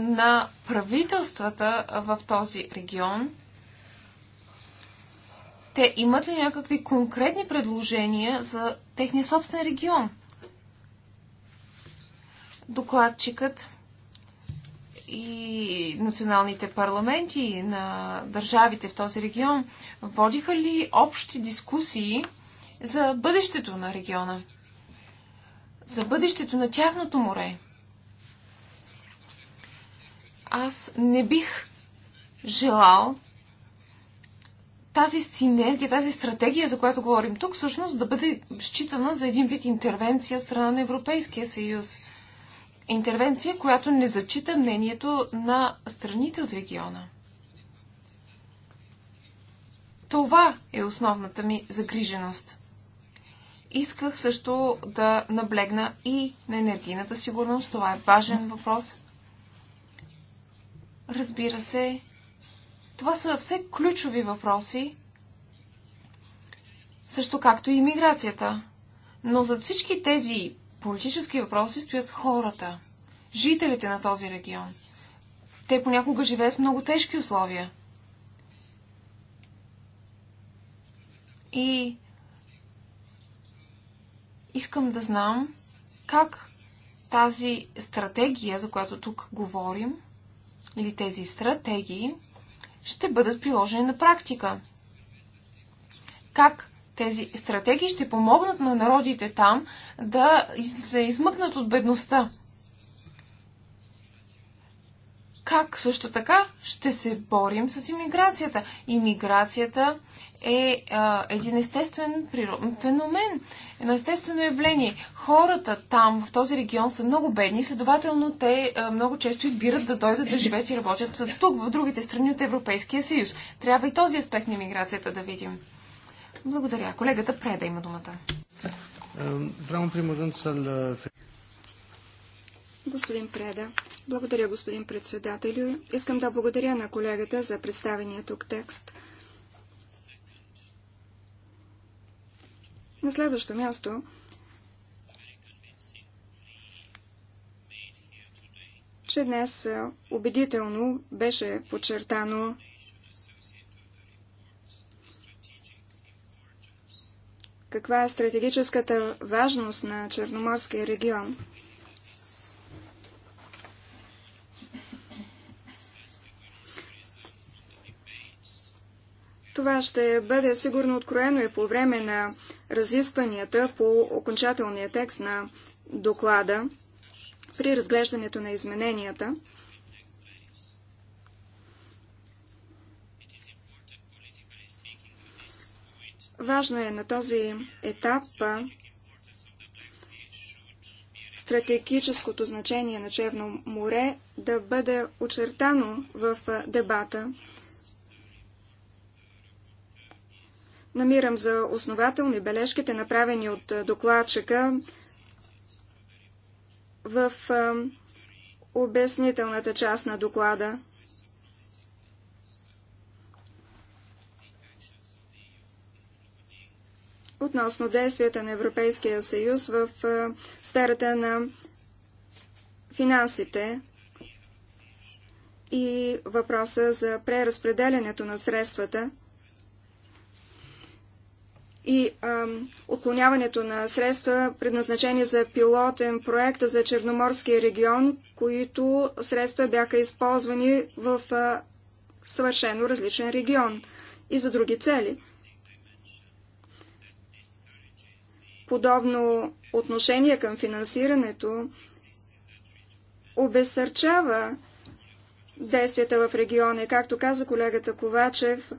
на правителствата в този регион? Те имат ли някакви конкретни предложения за техния собствен регион? Докладчикът и националните парламенти на държавите в този регион водиха ли общи дискусии за бъдещето на региона? за бъдещето на тяхното море. Аз не бих желал тази синергия, тази стратегия, за която говорим тук, всъщност да бъде считана за един вид интервенция от страна на Европейския съюз. Интервенция, която не зачита мнението на страните от региона. Това е основната ми загриженост. Исках също да наблегна и на енергийната сигурност. Това е важен въпрос. Разбира се, това са все ключови въпроси, също както и миграцията. Но зад всички тези политически въпроси стоят хората, жителите на този регион. Те понякога живеят в много тежки условия. И Искам да знам как тази стратегия, за която тук говорим, или тези стратегии, ще бъдат приложени на практика. Как тези стратегии ще помогнат на народите там да се измъкнат от бедността как също така ще се борим с иммиграцията? Иммиграцията е а, един естествен природен феномен, едно естествено явление. Хората там, в този регион, са много бедни, следователно те а, много често избират да дойдат да живеят и работят тук, в другите страни от Европейския съюз. Трябва и този аспект на иммиграцията да видим. Благодаря. Колегата Преда има думата. Господин Преда, благодаря, господин председателю. Искам да благодаря на колегата за представения тук текст. На следващо място че днес убедително беше подчертано каква е стратегическата важност на Черноморския регион. Това ще бъде сигурно откроено и по време на разискванията по окончателния текст на доклада при разглеждането на измененията. Важно е на този етап стратегическото значение на Черно море да бъде очертано в дебата. Намирам за основателни бележките, направени от е, докладчика в е, обяснителната част на доклада. Относно действията на Европейския съюз в е, сферата на финансите и въпроса за преразпределянето на средствата – и ам, отклоняването на средства, предназначени за пилотен проект за Черноморския регион, които средства бяха използвани в а, съвършено различен регион и за други цели. Подобно отношение към финансирането обесърчава действията в региона. Както каза колегата Ковачев,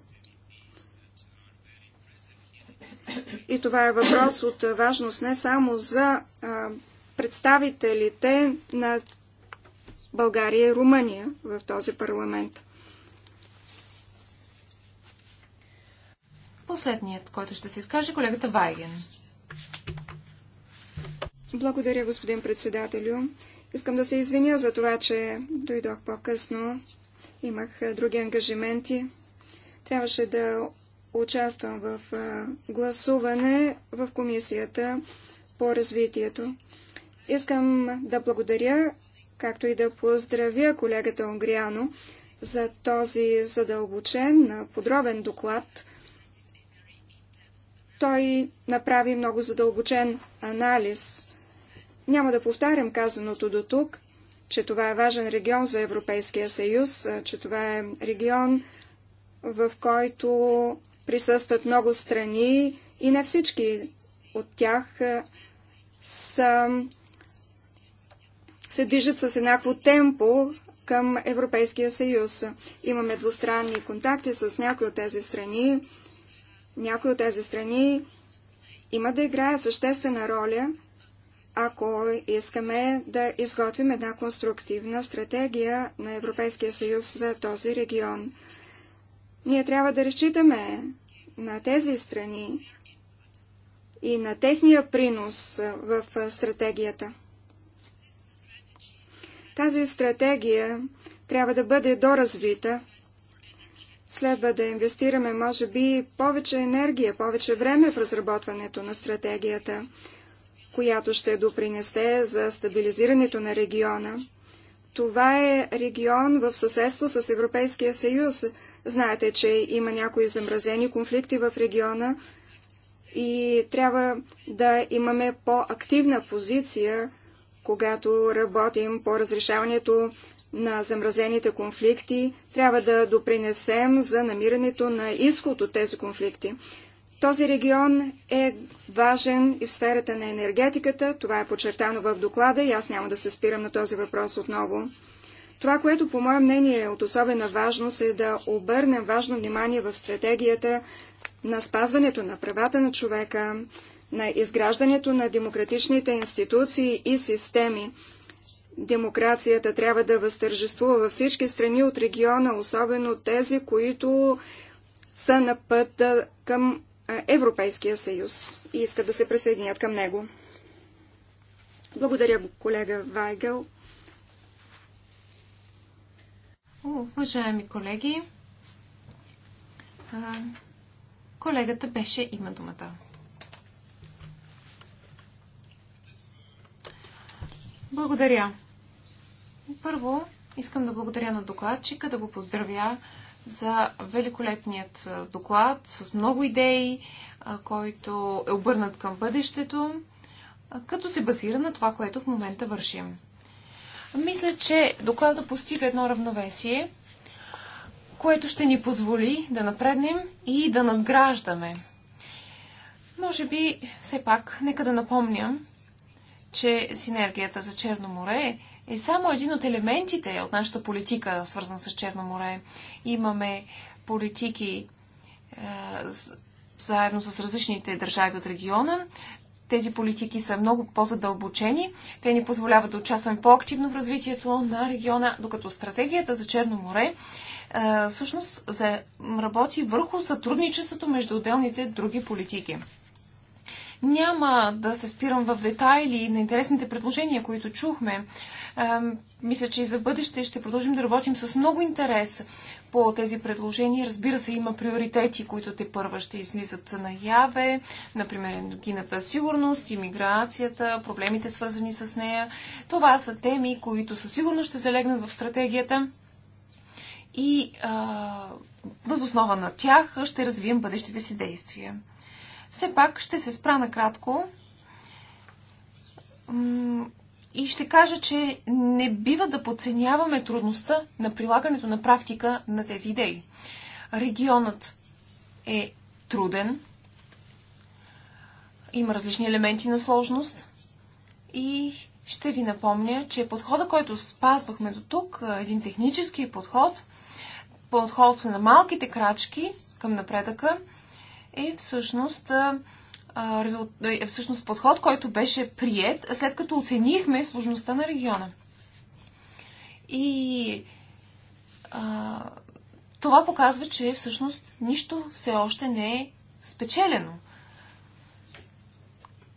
И това е въпрос от важност не само за представителите на България и Румъния в този парламент. Последният, който ще се изкаже, колегата Вайген. Благодаря, господин председателю. Искам да се извиня за това, че дойдох по-късно. Имах други ангажименти. Трябваше да участвам в гласуване в Комисията по развитието. Искам да благодаря, както и да поздравя колегата Онгриано за този задълбочен, подробен доклад. Той направи много задълбочен анализ. Няма да повтарям казаното до тук, че това е важен регион за Европейския съюз, че това е регион, в който присъстват много страни и не всички от тях са, се движат с еднакво темпо към Европейския съюз. Имаме двустранни контакти с някои от тези страни. Някои от тези страни има да играят съществена роля, ако искаме да изготвим една конструктивна стратегия на Европейския съюз за този регион. Ние трябва да разчитаме на тези страни и на техния принос в стратегията. Тази стратегия трябва да бъде доразвита. Следва да инвестираме, може би, повече енергия, повече време в разработването на стратегията, която ще допринесе за стабилизирането на региона това е регион в съседство с Европейския съюз. Знаете, че има някои замразени конфликти в региона и трябва да имаме по-активна позиция, когато работим по разрешаването на замразените конфликти. Трябва да допринесем за намирането на изход от тези конфликти. Този регион е важен и в сферата на енергетиката. Това е подчертано в доклада и аз няма да се спирам на този въпрос отново. Това, което по мое мнение е от особена важност е да обърнем важно внимание в стратегията на спазването на правата на човека, на изграждането на демократичните институции и системи. Демокрацията трябва да възтържествува във всички страни от региона, особено тези, които са на път към Европейския съюз и искат да се присъединят към него. Благодаря, колега Вайгъл. Уважаеми колеги, колегата беше има думата. Благодаря. Първо, искам да благодаря на докладчика, да го поздравя за великолепният доклад с много идеи, който е обърнат към бъдещето, като се базира на това, което в момента вършим. Мисля, че доклада постига едно равновесие, което ще ни позволи да напреднем и да надграждаме. Може би, все пак, нека да напомням, че синергията за Черно море е е само един от елементите от нашата политика, свързан с Черно море. Имаме политики е, заедно с различните държави от региона. Тези политики са много по-задълбочени. Те ни позволяват да участваме по-активно в развитието на региона, докато стратегията за Черно море е, всъщност работи върху сътрудничеството между отделните други политики. Няма да се спирам в детайли на интересните предложения, които чухме. Мисля, че и за бъдеще ще продължим да работим с много интерес по тези предложения. Разбира се, има приоритети, които те първа ще излизат наяве, например енергийната сигурност, иммиграцията, проблемите свързани с нея. Това са теми, които със сигурност ще залегнат в стратегията и а, възоснова на тях ще развием бъдещите си действия. Все пак ще се спра накратко и ще кажа, че не бива да подценяваме трудността на прилагането на практика на тези идеи. Регионът е труден, има различни елементи на сложност и ще ви напомня, че подхода, който спазвахме до тук, един технически подход, подход на малките крачки към напредъка, е всъщност, е, е всъщност подход, който беше прият, след като оценихме сложността на региона. И а, това показва, че всъщност нищо все още не е спечелено.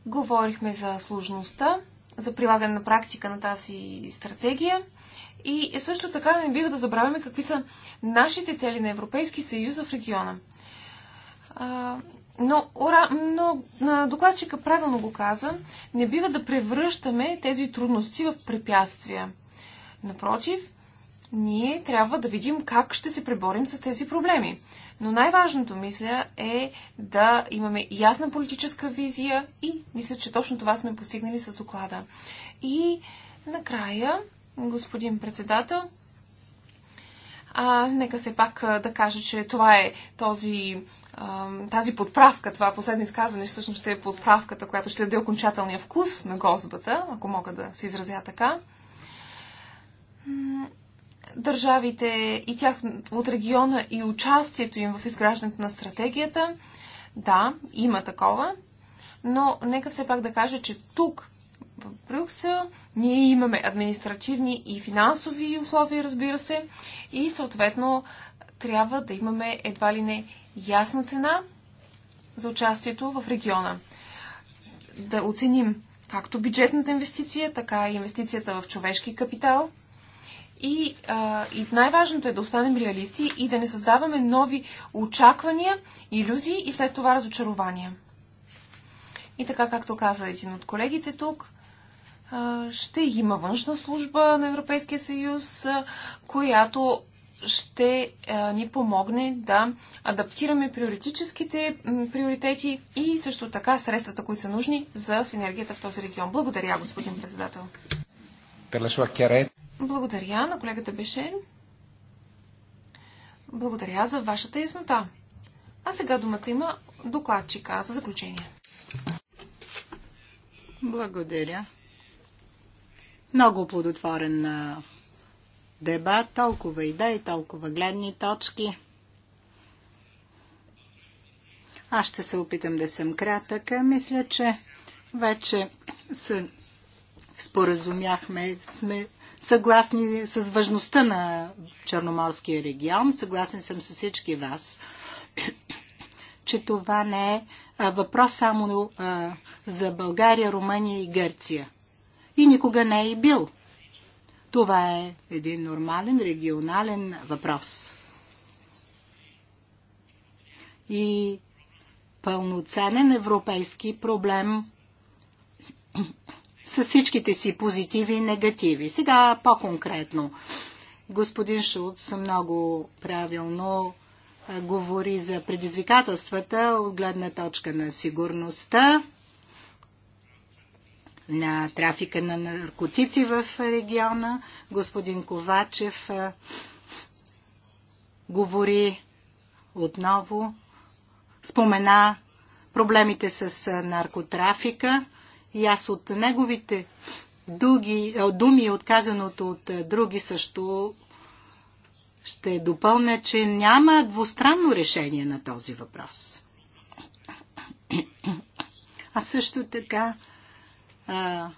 Говорихме за сложността, за прилагане на практика на тази стратегия. И също така не бива да забравяме какви са нашите цели на Европейски съюз в региона но, ура, но докладчика правилно го каза, не бива да превръщаме тези трудности в препятствия. Напротив, ние трябва да видим как ще се преборим с тези проблеми. Но най-важното, мисля, е да имаме ясна политическа визия и мисля, че точно това сме постигнали с доклада. И накрая, господин председател, а, нека се пак да кажа, че това е този, тази подправка, това последно изказване всъщност ще е подправката, която ще даде окончателния вкус на гозбата, ако мога да се изразя така. Държавите и тях от региона и участието им в изграждането на стратегията, да, има такова, но нека все пак да кажа, че тук в Брюксел ние имаме административни и финансови условия, разбира се, и съответно трябва да имаме едва ли не ясна цена за участието в региона. Да оценим както бюджетната инвестиция, така и инвестицията в човешки капитал. И, а, и най-важното е да останем реалисти и да не създаваме нови очаквания, иллюзии и след това разочарования. И така, както каза един от колегите тук, ще има външна служба на Европейския съюз, която ще ни помогне да адаптираме приоритическите приоритети и също така средствата, които са нужни за синергията в този регион. Благодаря, господин председател. Благодаря на колегата Беше. Благодаря за вашата яснота. А сега думата има докладчика за заключение. Благодаря. Много плодотворен дебат, толкова идеи, толкова гледни точки. Аз ще се опитам да съм кратък. Мисля, че вече се споразумяхме, сме съгласни с важността на Черноморския регион. Съгласен съм с всички вас, че това не е въпрос само за България, Румъния и Гърция и никога не е бил. Това е един нормален регионален въпрос. И пълноценен европейски проблем с всичките си позитиви и негативи. Сега по-конкретно. Господин Шулц много правилно говори за предизвикателствата от гледна точка на сигурността на трафика на наркотици в региона. Господин Ковачев говори отново, спомена проблемите с наркотрафика и аз от неговите дуги, думи, отказаното от други също ще допълня, че няма двустранно решение на този въпрос. А също така а,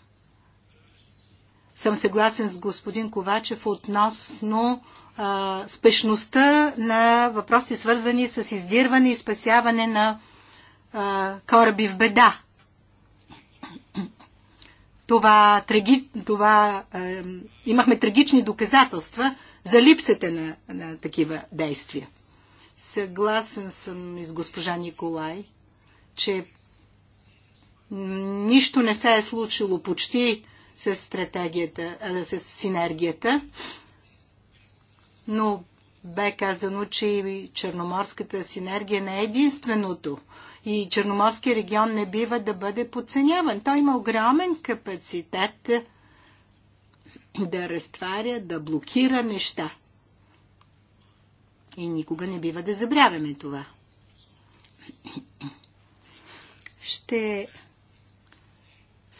съм съгласен с господин Ковачев относно а, спешността на въпроси, свързани с издирване и спасяване на а, кораби в беда. Това, траги, това а, имахме трагични доказателства за липсата на, на такива действия. Съгласен съм и с госпожа Николай, че Нищо не се е случило почти с стратегията, с синергията, но бе казано, че и Черноморската синергия не е единственото. И Черноморския регион не бива да бъде подценяван. Той има огромен капацитет да разтваря, да блокира неща. И никога не бива да забравяме това. Ще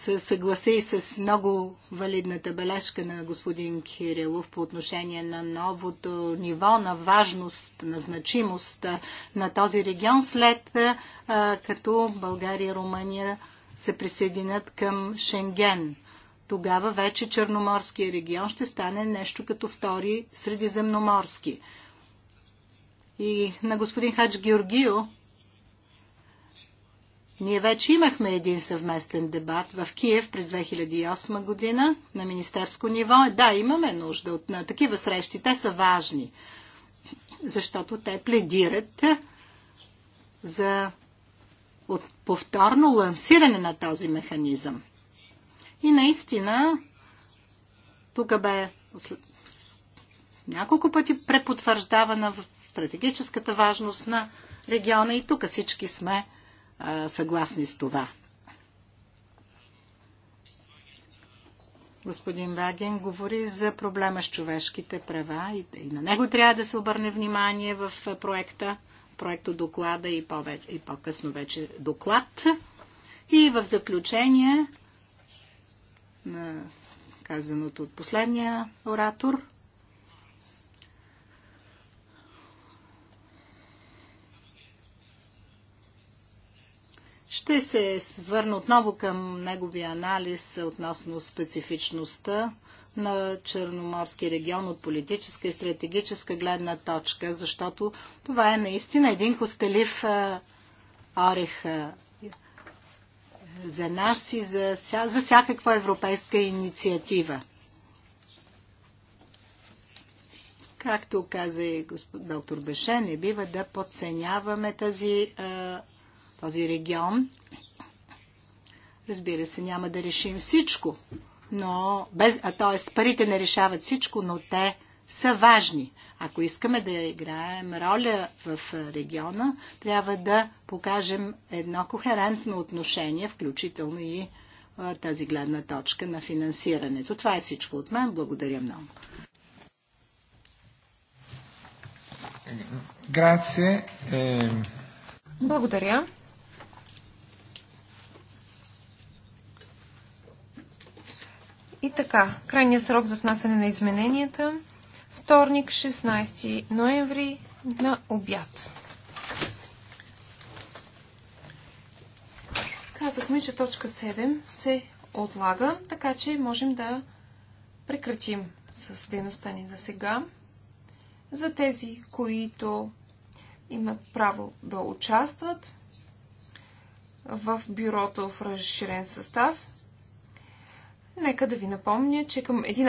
се съгласи с много валидната бележка на господин Кирилов по отношение на новото ниво на важност, на значимост на този регион, след като България и Румъния се присъединят към Шенген. Тогава вече Черноморския регион ще стане нещо като втори средиземноморски. И на господин Хадж Георгио ние вече имахме един съвместен дебат в Киев през 2008 година на министерско ниво. Да, имаме нужда от на такива срещи. Те са важни, защото те пледират за от повторно лансиране на този механизъм. И наистина, тук бе няколко пъти препотвърждавана в стратегическата важност на региона и тук всички сме съгласни с това. Господин Ваген говори за проблема с човешките права и, на него трябва да се обърне внимание в проекта, проекто доклада и, пове, и по-късно вече доклад. И в заключение на казаното от последния оратор – Ще се върна отново към неговия анализ относно специфичността на Черноморски регион от политическа и стратегическа гледна точка, защото това е наистина един костелив орех за нас и за, за всякаква европейска инициатива. Както каза и господ, доктор Беше, не бива да подценяваме тази а, този регион. Разбира се, няма да решим всичко, но без, а т.е. парите не решават всичко, но те са важни. Ако искаме да играем роля в региона, трябва да покажем едно кохерентно отношение, включително и тази гледна точка на финансирането. Това е всичко от мен. Благодаря много. Е, е. Благодаря. И така, крайният срок за внасяне на измененията вторник, 16 ноември на обяд. Казахме, че точка 7 се отлага, така че можем да прекратим с дейността ни за сега. За тези, които имат право да участват в бюрото в разширен състав, Нека да ви напомня, че към